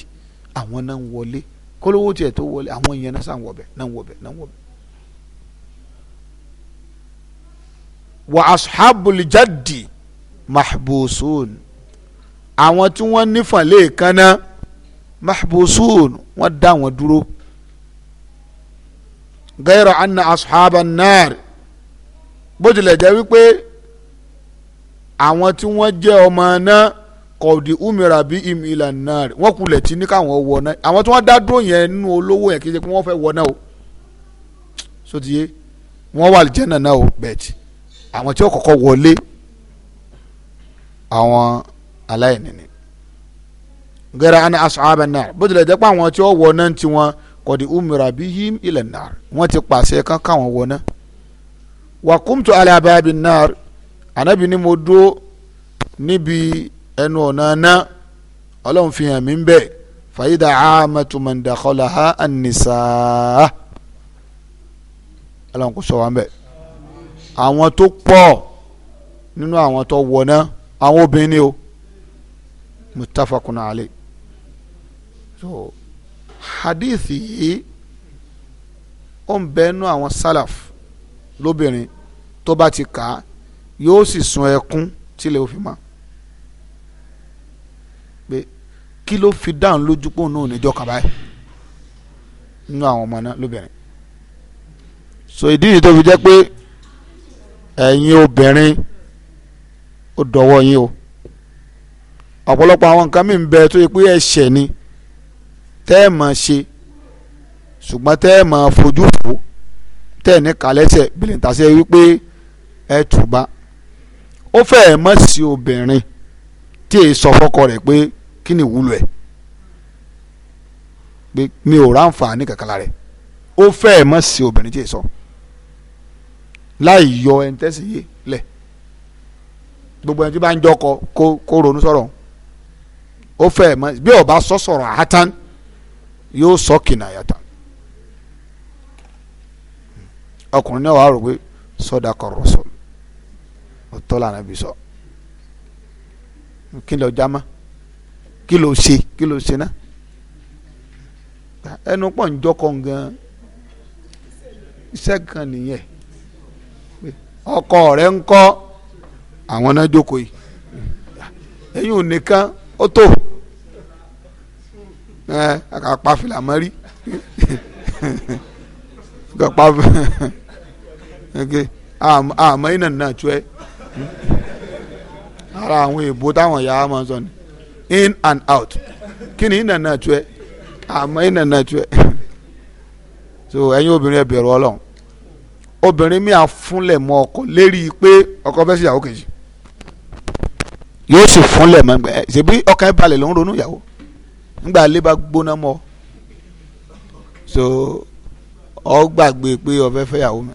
àwọn náà ń wọlé kólówó tiẹ̀ tó wọlé àwọn èèyàn náà sàn wọ̀bẹ̀ náà wọ̀bẹ̀ náà wọ̀bẹ̀. wa ashabul jaddi mahbusun àwọn tí wọ́n nífàn lẹ́ẹ̀kan náà mahbusun wọ́n dá wọn dúró gẹ́rọ anna ashaban nar bó jẹ́ wípé àwọn tí wọ́n jẹ́ ọmọ náà kọ̀dí umira bí imila náà wọ́n kulẹ̀ tí ní káwọn wọ náà àwọn tí wọ́n dá dúró yẹn nínú olówó yẹn kì í ṣe pé wọ́n fẹ́ wọ náà o sotiye wọ́n wà lìjẹ́nà náà o bẹ́ẹ̀tì àwọn tí ó kọ́kọ́ wọlé àwọn aláìní ni gẹ́rẹ́ ani asọ́ábẹ̀ náà bó tilẹ̀ jẹ́ pé àwọn tí ó wọ náà ti wọn kọ̀dí umira bí yim ilẹ̀ náà wọ́n ti pàṣẹ kán káwọn wọ náà wàkúmtù alábàbí náà anábì ni mo dúró níbi ẹnu ọ̀nà náà ọlọ́run fi hàn mí ń bẹ̀ fàyídà àmàtú mọ̀ndàkọ́lá ha ànìsà ọlọ́run kò sọ wá ń bẹ̀. àwọn tó pọ̀ nínú àwọn tó wọ̀ náà àwọn obìnrin ni o mutafakun ali so hadithi yìí ó ń bẹ nínú àwọn salaf lóbìnrin tó bá ti kà á yóò sì sun ẹkún tílẹ̀ òfin máa. kí ló fi dáhùn lójú pò náà níjọ kaba yìí nínú àwọn ọmọ náà lóbìnrin so ìdí yìí tó fi jẹ́ pé ẹ̀yin obìnrin ó dọ̀wọ́ yín o ọ̀pọ̀lọpọ̀ àwọn nǹkan mìíràn bẹ tó yẹ pé ẹ̀ṣẹ̀ ni tẹ́ ẹ̀ máa ṣe ṣùgbọ́n tẹ́ ẹ̀ máa fojú fò tẹ́ ẹ̀ ní kàlẹ́sẹ̀ bìlẹ̀ tàṣẹ wípé ẹ̀ tùbá ó fẹ́ẹ̀ mọ̀ sí obìnrin tí èyí sọ fọ́kọ rẹ̀ pé kí ni ìwúlò ẹ̀ pé mi ò ráǹfààní kankan lára ẹ̀ ó fẹ́ẹ̀ mọ̀ sí obìnrin tí ì sọ láì yọ ẹni tẹ́sí yé lẹ̀ gbogbo ẹni tí bá ń jọkọ kó kó ronú sọ̀rọ̀ ó fẹ́ẹ̀ mọ̀ bí ọba sọ sọ̀rọ̀ àhátán yóò sọ kìnàyàtà ọkùnrin náà wàá rò pé sọdà kọrọ sọ ọtọ lànà bí sọ kí lọ já máa kí ló ṣe kí ló ṣe náà ẹnu pọ̀ ń jọkọ̀ gan iṣẹ́ kan nìyẹn ọkọ rẹ ń kọ́ àwọn náà jókòó yìí ẹ̀yin ò nìkan ó tó ẹ àkàpà fìlà mọ́rí àkàpà àmọ́ ìnànà tó ẹ ara àwọn èèbó táwọn yàrá máa ń sọ ni. in and out Kini in and out ẹ àmọ́ in and out so ẹ̀yin obìnrin ẹ bẹ̀rù obìnrin mi àfúnlẹ̀ mọ ọkọ lérí pé ọkọ fẹ́ sí ìyàwó kejì yóò sì fúnlẹ̀ ẹ ṣèbí bí ẹ balẹ̀ ló ń ronú ìyàwó bá so ọ gbàgbé pé ọ fẹ́ fẹ́ ìyàwó mi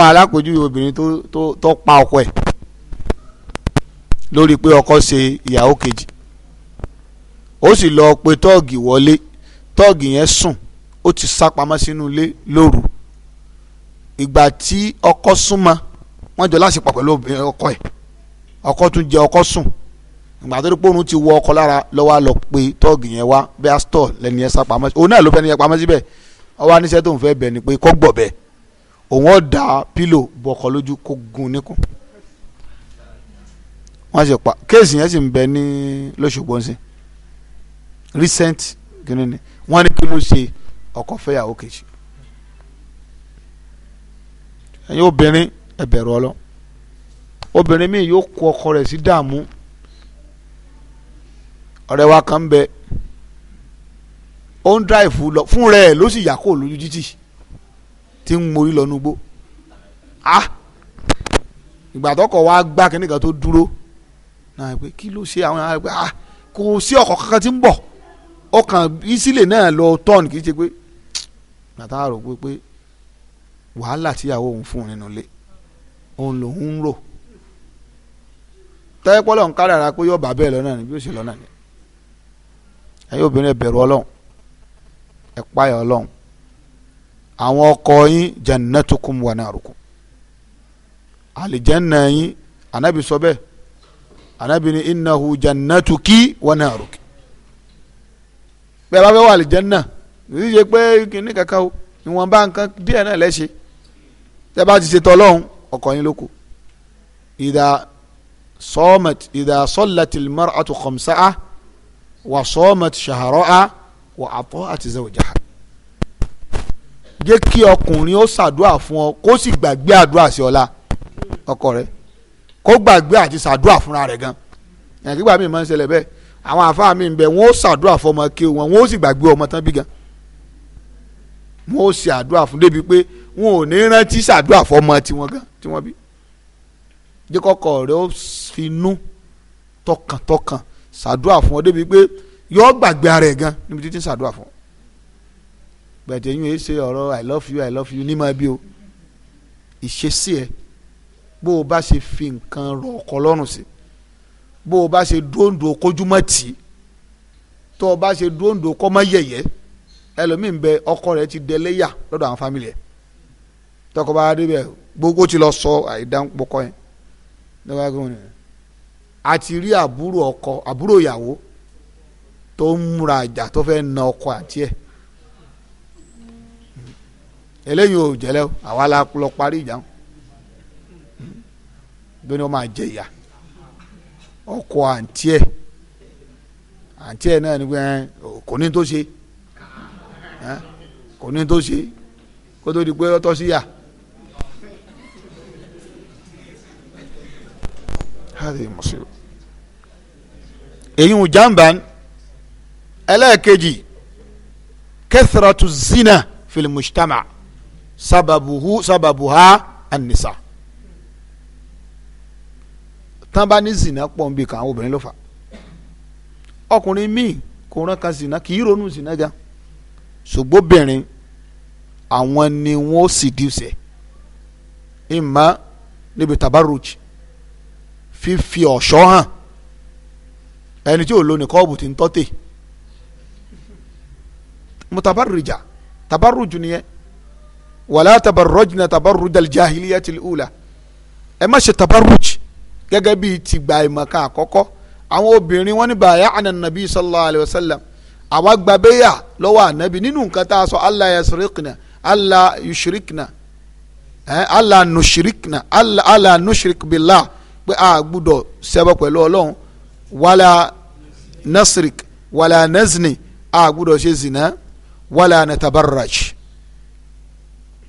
alákòjú obìnrin lórí pé ọkọ ṣe ìyàwó kejì ó sì lọ pe tọ́ọ̀gì wọlé tọ́ọ̀gì yẹn sùn ó ti sá pamọ́ sínú ilé lóru ìgbà tí ọkọ súnmọ́ wọ́n jọ láṣepọ̀ pẹ̀lú ọkọ ẹ̀ ọkọ tún jẹ ọkọ sùn ìgbà tó dé pòrun ti wọ ọkọ lára lọ́wọ́ lọ pe tọ́ọ̀gì yẹn wá bí astọ̀ lẹ́ni yẹn sá pamọ́ òun náà ló fẹ́ ni yẹn pamọ́ síbẹ̀ ọwọ́ aníṣẹ́ tó ń fẹ́ bẹ̀ ni pé kó gbọ̀ bẹ́ẹ̀ òun ọ̀ dà pílò bọ̀kọ̀ lójú kó gun níkùn wọ́n sì pa kéèsì yẹn sì ń bẹ ní lọ́sọ̀gbọ́ ń sìn recent kìíní ni wọ́n ní kí ló ṣe ọkọ fẹ́yàwó kejì ẹ̀yin obìnrin ẹ bẹ̀rù ọlọ́ obìnrin míì yóò kó ọkọ rẹ̀ sí dààmú ọ̀rẹ́ wa kan bẹ ó ń dráìfù lọ fún rẹ̀ ló sì yà kó lójú títì tí ń morí lọ nugbó ah ìgbà tọkọ wa gbá kíní kan tó dúró náà pé kí ló ṣe àwọn àgbẹ̀ ah kò sí ọkọ̀ kankan tí ń bọ̀ ọkàn ìsílẹ̀ náà lọ tọ́ọ̀n kì í ṣe pé nàtà rò pé pé wàhálà tíyàwó òun fún un nínú ilé òun lòun ń rò tẹ́pọ́lọ̀ ń kárí ara pé yóò bá bẹ́ẹ̀ lọ́nà ni bí ó ṣe lọ́nà ni ẹ̀yin obìnrin ẹ bẹ̀rù ọlọ́run ẹ páyà ọlọ́run àwọn ọkọ yín jannatukum wa narukum àlìjẹ́nà yín ànábì sọ bẹ́ẹ̀ anabi ni innahu jannatuki wa naruki bẹ́ẹ̀ bá fẹ́ wà àlìjánná níbi yẹ pé kìnnì kankan o ìwọ̀n bá nǹkan díẹ̀ náà lẹ́ṣe tẹ́ bá ti ṣe tọ́lọ́hún ọkọ̀ yín lóko ìdá sọ́ọ̀mẹ̀t ìdá sọ́ọ̀lẹ̀tì mọ́ràtù kọ̀mṣáà wà sọ́ọ̀mẹ̀t ṣàhárọ́à wà àtọ́ àti zẹ́wọ̀jà. jẹ́ kí ọkùnrin ó ṣàdúrà fún ọ kó sì gbàgbé àdúrà sí ọ̀la ọkọ rẹ̀ kó gbàgbé àti ṣàdúrà fúnra rẹ̀ gan ẹ̀kígbà mi máa ń ṣẹlẹ̀ bẹ́ẹ̀ àwọn àfáà mi ń bẹ wọ́n ó ṣàdúrà fọmọ kí wọn wọ́n ó sì gbàgbé ọmọ tán bí gan wọ́n ó ṣe àdúrà fún débi pé wọn ò ní rántí ṣàdúrà fọmọ tiwọn gan tí wọ́n bí jẹ́ kọ́kọ́ rẹ̀ ó finú tọkàntọkàn ṣàdúrà fún ọ débi pé yọ gbàgbé ara ẹ̀ gan níbi títí ṣàdúrà fún ọ gbẹ̀tẹ̀ yín ẹ ṣe ọ̀rọ̀ i love you i love you ní máa bí o ìṣesí ẹ̀ bó o bá ṣe fi nǹkan rọ ọkọ lọ́rùn sí bó o bá ṣe dóńdó kójúmọ́ tì í tó o bá ṣe dóńdó kọ́mọ́ yẹ̀yẹ́ ẹlòmíín bẹ ọkọ rẹ ti dẹlẹ́yà lọ́dọ̀ àwọn fámìlì ẹ̀ tọkọ bá débẹ̀ gbogbo ti lọ sọ àìdáńpọkọ yẹn lọ́wọ́ ẹgbẹ́ wọn àti rí àbúrò ọkọ àbúrò ìyàwó tó ń múra àjà tó fẹ́ na ọkọ àti ẹ̀ eléyìí ò jẹ́lẹ́ àwa la lọ parí ìjà wọn bí wọ́n máa jẹ ìyá ọkọ àǹtí ẹ̀ àǹtí ẹ̀ náà ni pé kò ní tó ṣe kò ní tó ṣe kó tó di pé ó tọ́ sí yà. èyí ń ẹlẹ́ẹ̀kejì kathratu zina fil mujtama sababuhu sababuha an-nisa tán bá ní zina pọ̀ ń bì kan àwọn obìnrin ló fà ọkùnrin míì kò rán kan zina kì í ronú zina gan ṣùgbọ́n obìnrin àwọn ni wọ́n sì dìúsẹ̀ ìmọ̀ níbi tabarruj fífi ọ̀ṣọ́ hàn ẹni tí ò lo ní kọ́ọ̀bù tí ń tọ́tẹ̀ mutabarrija tabarruju nìyẹn wàlá tabarrujna tabarrujal jahiliyatil ula ẹ má ṣe tabarruj gẹ́gẹ́ bíi tìgbà ìmọ̀ká àkọ́kọ́ àwọn obìnrin wọn ní bàyà àná nàbí sallallahu alayhi wa sallam àwa gba béyà lọ́wọ́ ànábì nínú nǹkan tá a sọ allah yasirikna allah yushirikna allah nushirikna allah nushirik billah pé a gbúdọ̀ ṣẹbọ pẹ̀lú ọlọ́run wàlà nasirik wàlà nazni a gbúdọ̀ ṣe zina wàlà natabaraj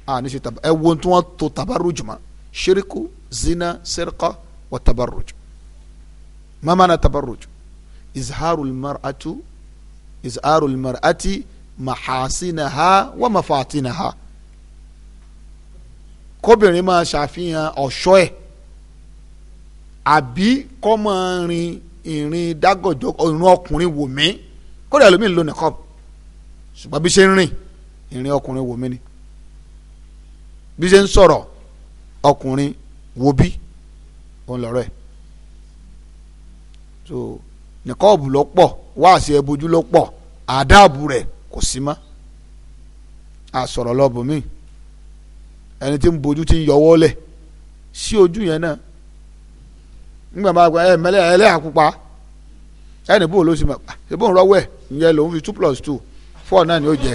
ẹ wo tí wọ́n to tabaraj jùmọ̀ zina sirqa. والتبرج ما معنى التبرج إظهار المرأة إظهار المرأة محاسنها ومفاتنها kóbìnrin máa ṣàfihàn ọ̀ṣọ́ ẹ̀ àbí kó máa rin ìrìn dágọ̀jọ́ ìrìn ọkùnrin wò mí kódà ẹlòmíì ló nìkan ṣùgbọ́n bí ṣe ń rìn ìrìn ọkùnrin wò mí ni bí ṣe ń sọ̀rọ̀ ọkùnrin wò bí òun lọ́rọ̀ so ló pọ̀ wáàsí ẹbojú ló pọ̀ àdáàbù kò sí mọ́ àsọ̀rọ̀ ẹni tí ń bojú ti ń yọwọ́ lẹ̀ sí ojú yẹn náà nígbà máa gba ẹ mẹlẹ ẹ pupa ẹni ló sì mọ̀ ẹ bóun ìyẹn fi plus two four náà ni jẹ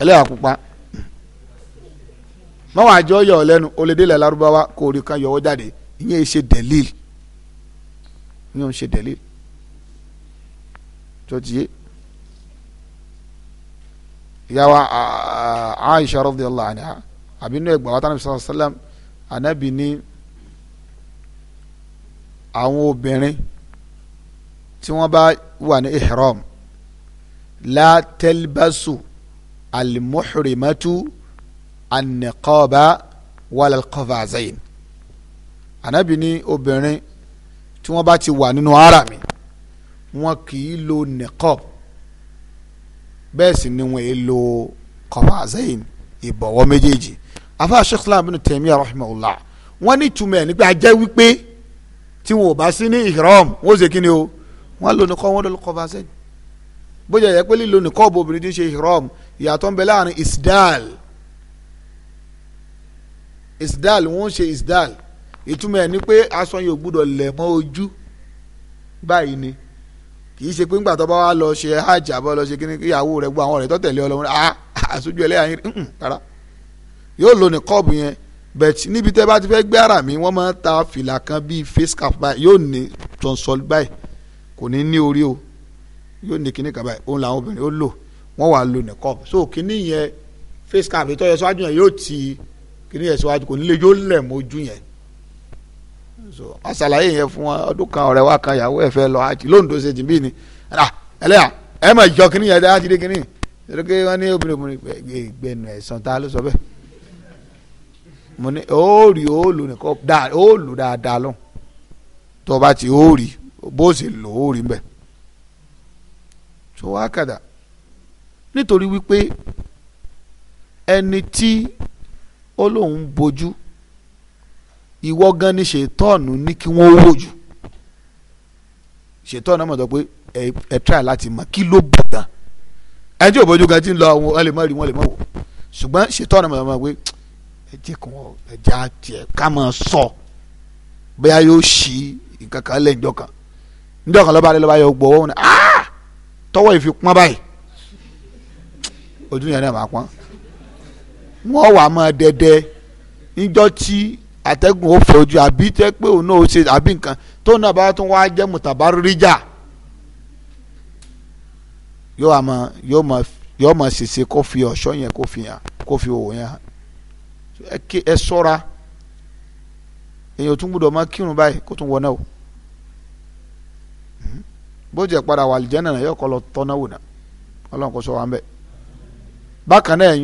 ẹ mọ wàá jọ yọ ọ lẹ́nu o lè délẹ̀ Lárúbáwá kó o rí kan yọ ọ jáde ìyẹn ṣe dẹ̀líl ìyẹn ṣe dẹ̀líl tó ti yé ìyàwó Aisha radiyallahu anha àbínú ẹgbàá wa tánàbí sallallahu alaihi wasallam ní àwọn obìnrin tí wọ́n bá wà ní ihram la talbasu anìkọ́ọ̀bá wàlẹ́kọ́fàzẹ́yìn ànábì ní obìnrin tí wọ́n bá ti wà nínú ara mi wọn kì í lo nìkọ́ọ̀bù bẹ́ẹ̀ sì ni wọ́n lo kọ́fàzẹ́yìn ìbọ̀wọ́ méjèèjì afa sheikh islam bin taymiya rahimahullah wọ́n ní ìtumọ̀ ẹ̀ nígbà jẹ́ wípé tí wọn ò bá sí ní ihram wọn ò ṣe kí ni o wọn lò nìkọ́ wọn lò kọ́fàzẹ́yìn bójú ẹ̀yẹ lílo nìkọ́ọ̀bù obìnrin tí ń ṣe ihram ìyàtọ̀ ń bẹ isdal isdal wọ́n ṣe isdal ìtumọ̀ ẹ̀ ni pé aṣọ yóò gbúdọ̀ lẹ̀ mọ́ ojú báyìí ni kì í ṣe pé ńgbà tó bá wà lọ ṣe hajj àbọ̀ lọ ṣe kí ni ìyàwó rẹ̀ gbọ́ àwọn ọ̀rẹ́ tó tẹ̀lé ọlọ́run ah àṣojú ẹlẹ́yà yín ń rárá yóò lò ní kọ́ọ̀bù yẹn bẹ̀t níbi tẹ́ bá ti fẹ́ gbé ara mi wọ́n máa ń ta fìlà kan bíi face cap báyìí yóò ní tonsol báyìí kò ní ní orí o yóò ní kíní kan òun làwọn obìnrin ó lò wọ́n wà lò ní kọ́ọ̀bù so kíní yẹn face cap ìtọ́jọ́sọ́wájú yẹn yóò ti kí ni yẹn síwájú kò nílé yóò lẹ̀ mójú yẹn so àṣàlàyé yẹn fún wọn ọdún kan ọ̀rẹ́ wa kan ìyàwó ẹ̀ lọ àjì lóńdó ṣe jì bíi ni ẹlẹ́yà ẹ mà jọ kí ni yẹn dáhà ti dé kí ni ṣèlérí wọn ní obìnrin obìnrin gbẹnu ẹ̀sán ta ló sọ bẹ́ẹ̀ mo ní òórì òòlù nìkan dáa òòlù dáadáa lọ tó o bá ti òórì bó o sì lò òórì mbẹ tó wá kàdà nítorí wípé ẹni tí ó lóun bojú ìwọ gan ni ṣètọ́ọ̀nù ní kí wọ́n wò jù ṣètọ́ọ̀nù ọmọdé pé ẹ ẹ tíra láti mọ̀ kí ló bọ̀ gan ẹni tí ò bójú gan ti ń lọ àwọn ẹ lè má rí wọn lè má wò ṣùgbọ́n ṣètọ́ọ̀nù ọmọdé máa pé ẹ jẹ́ kí wọ́n ẹ já tiẹ̀ ká máa sọ bóyá yóò ṣí nǹkan kan lẹ́yìn ìjọ kan níjọ kan lọ́ba lọ́ba yóò gbọ́ wọ́n ní tọwọ́ ìfipọ́n báyìí ojú yẹn náà máa pọ́n wọ́n wà mọ́ dẹ́dẹ́ níjọ́ tí atẹ́gùn ó fẹ́ àbí tẹ́ pé òun náà ó ṣe àbí nǹkan tó náà bá tún wá jẹ́ mùtàbáríjà yóò àmọ́ yóò mọ̀ yóò mọ̀ ṣèṣe kó fi ọ̀ṣọ́ yẹn kó fi hàn kó fi o hmm? bó padà wà yóò kọ́ lọ sọ ń bẹ̀ bákan náà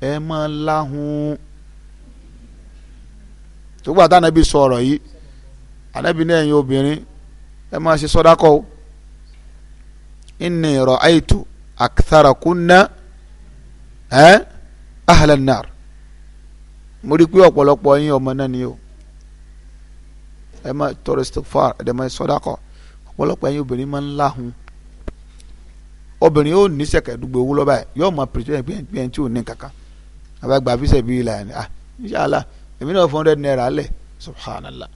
ẹ mọ́ láhùn tó gbà táwọn ẹbí sọ ọ̀rọ̀ yìí ànábì ní ẹ̀yin obìnrin ẹ máa ṣe sọ́dákọ́ o inni ra'aytu aktharakunna ẹ́ ahlan nar mo rí i pé ọ̀pọ̀lọpọ̀ yín ọmọ náà ni o ẹ máa tọrọ istighfar ẹ dẹ̀ máa sọ́dákọ́ ọ̀pọ̀lọpọ̀ ẹ̀yin obìnrin máa ń láhùn obìnrin yóò ní sẹ̀kẹ̀ dùgbò owó lọ́ba yóò máa pèsè ẹ̀ pé tí ò ní kankan abagba fisẹ bi la ni ah inshallah èmi náà four hundred naira lẹ subhanallah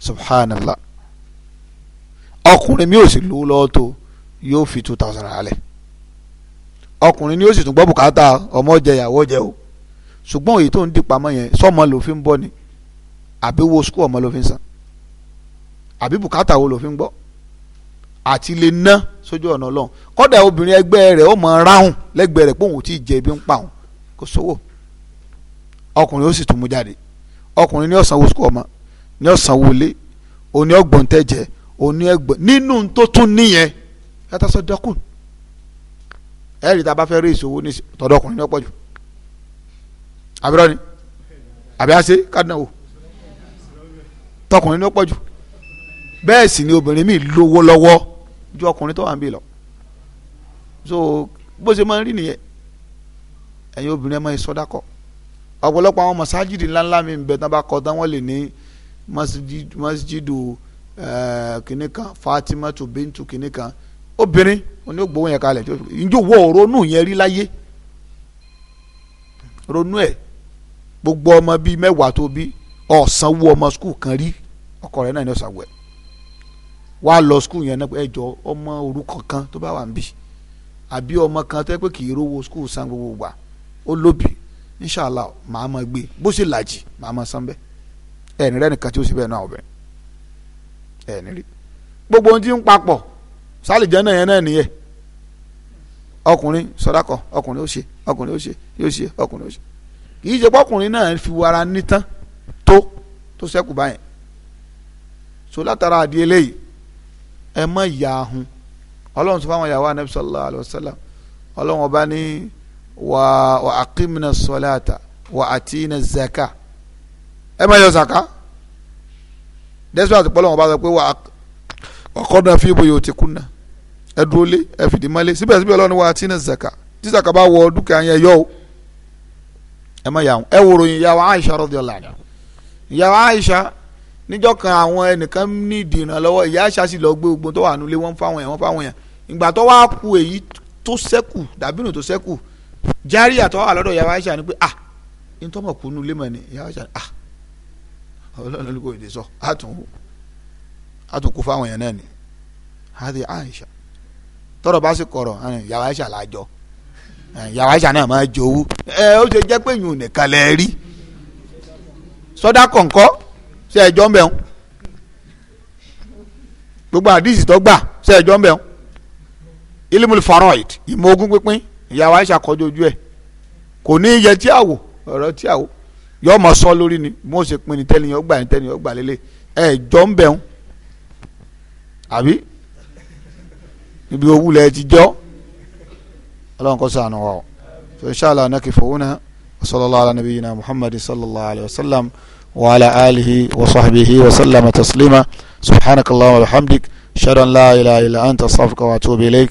subhanallah ọkùnrin mi ò sì lówó lọ́wọ́ yóò fi two thousand naira lẹ ọkùnrin ni ó sì tún gbọ́ bùkátà ọmọ jẹ ìyàwó jẹ o ṣùgbọ́n èyí tó ń di pamọ́ yẹn sọ́mọ ló fi ń bọ́ ni àbí wo sukú ọmọ ló fi ń san àbí bùkátà wo ló fi ń gbọ́ àti lè ná sójú ọ̀nà ọlọ́run kọ́dà obìnrin ẹgbẹ́ rẹ̀ ó mọ ráhùn lẹ́gbẹ̀ẹ́ rẹ̀ pé òun ò tí ì jẹ ibi ń pa òun kò sówó ọkùnrin ó sì tún mú jáde ọkùnrin ní ó sanwó sukú ọmọ ní ó sanwó ilé òní ọgbọ̀n tẹ̀jẹ̀ òní ẹgbọ̀n nínú tó tún níyẹn yàtọ̀ dẹkùn ẹ̀rí tá a bá fẹ́ rí ìṣòwò ní tọ̀dọ̀ ọkùnrin ní ọ̀pọ̀ àbúrò ni àbí àṣe kádínàwó tọkùnrin ní ọ̀pọ̀ bẹ́ẹ̀ sì ni obìnrin mi lówó lọ́wọ́ ju ọkùnrin tó wà ń bì lọ so bó ṣe máa ń rí nìyẹn ẹ̀yin obìnrin ẹ máa sọdá kọ ọ̀pọ̀lọpọ̀ àwọn masajidi ńláńlá mi bẹ̀ tán bá kọ́ tán wọ́n lè ní masjidu kìnnì kan Fatima tu bintu kìnnì kan obìnrin oní ògbówó yẹn kalẹ̀ njó wọ́ ronú yẹn rí láyé ronú ẹ̀ gbogbo ọmọ bíi mẹ́wàá tó bí ọ̀sánwó ọmọ skul kan rí ọkọ rẹ̀ náà ní ọ̀sánwó ẹ̀ wá lọ skul yẹn náà ẹjọ ọmọ òrukàn kan tó bá wà ń bì àbí ọmọ kan tó pé kì í rówó skul san gbogbo gbà ó lóbi inshàlá màá máa gbé bó ṣe làjì màá máa san bẹ́ẹ̀ ẹ̀ẹ́nì rẹ̀ nìkan tí ó sì bẹ́ẹ̀ náà ọ̀bẹ̀rẹ̀ ẹ̀ẹ́nì rí gbogbo ohun tí ń papọ̀ sálìjẹ́ náà yẹn náà nìyẹn ọkùnrin sọdákọ ọkùnrin ó ṣe ọkùnrin ó ṣe yóò ṣe ọkùnrin ó ṣe kì í ṣe pọkùnrin náà fi wara nítán tó tó sẹ́kù báyẹn so látara àdìẹ lẹ́yìn ẹ mọ̀ ìyá ahun ọlọ́run sọ fáwọn ìyàwó anabi sallallahu alayhi wa sallam ọlọ́run ọba ní wa wa aqimna salata wa atina zaka ẹ máa yọ zaka desperate pọlọ́wọ́n bá sọ pé wa qadna fi buyutikunna ẹ dúró lé ẹ fìdí mọ́lé síbẹ̀síbẹ̀ ọlọ́run wa atina zaka tí zaka bá wọ dúkìá yẹn yọ o ẹ máa yà wọn ẹ wòrò yìí yàwó Aisha radiyallahu anha yàwó Aisha níjọ́ kan àwọn ẹnìkan ní ìdìrànlọ́wọ́ ìyá Aisha sì lọ gbé ogun tó wà nílé wọn fáwọn yẹn wọn fáwọn yẹn ìgbà tó wá ku èyí tó sẹ́kù dàbínú tó sẹ́kù járí àtọ́ àlọ́dọ̀ ìyá aisha ni pé ah n tọ́ mọ̀ kú nu lémọ̀ ni ìyá aisha ni ah ọlọ́run ló kò dé sọ àtún àtún kú fáwọn yẹn náà ni hadi aisha tọrọ bá sì kọrọ ìyá aisha là á jọ ìyá aisha náà máa jowú ẹ ó ṣe jẹ́ pé yùn nìkan lẹ rí sọdá kọ̀ǹkọ́ ṣe ẹjọ́ ń bẹ̀ gbogbo àdìsí tó gbà ṣe ẹjọ́ ń bẹ̀ ń faroid ìmọ̀ ogún pínpín ìyàwó àìsà kọjú ojú ẹ kò ní yẹ tí a wò ọ̀rọ̀ tí a wò yọ ọmọ sọ lórí ni mo ṣe pin ní tẹ́niyàn gbà ní tẹ́niyàn gbà lélẹ̀ ẹ jọ ń bẹ̀rù àbí níbi owó lẹ ti jọ ọlọ́run kó sànù wa o so inshàlá nakifu una wasalaamu ala nabiyina muhammad sallallahu alayhi wa sallam wa ala alihi wa sahbihi wa sallama taslima subhanaka wa bihamdik ashhadu la ilaha illa anta astaghfiruka wa atubu ilayk.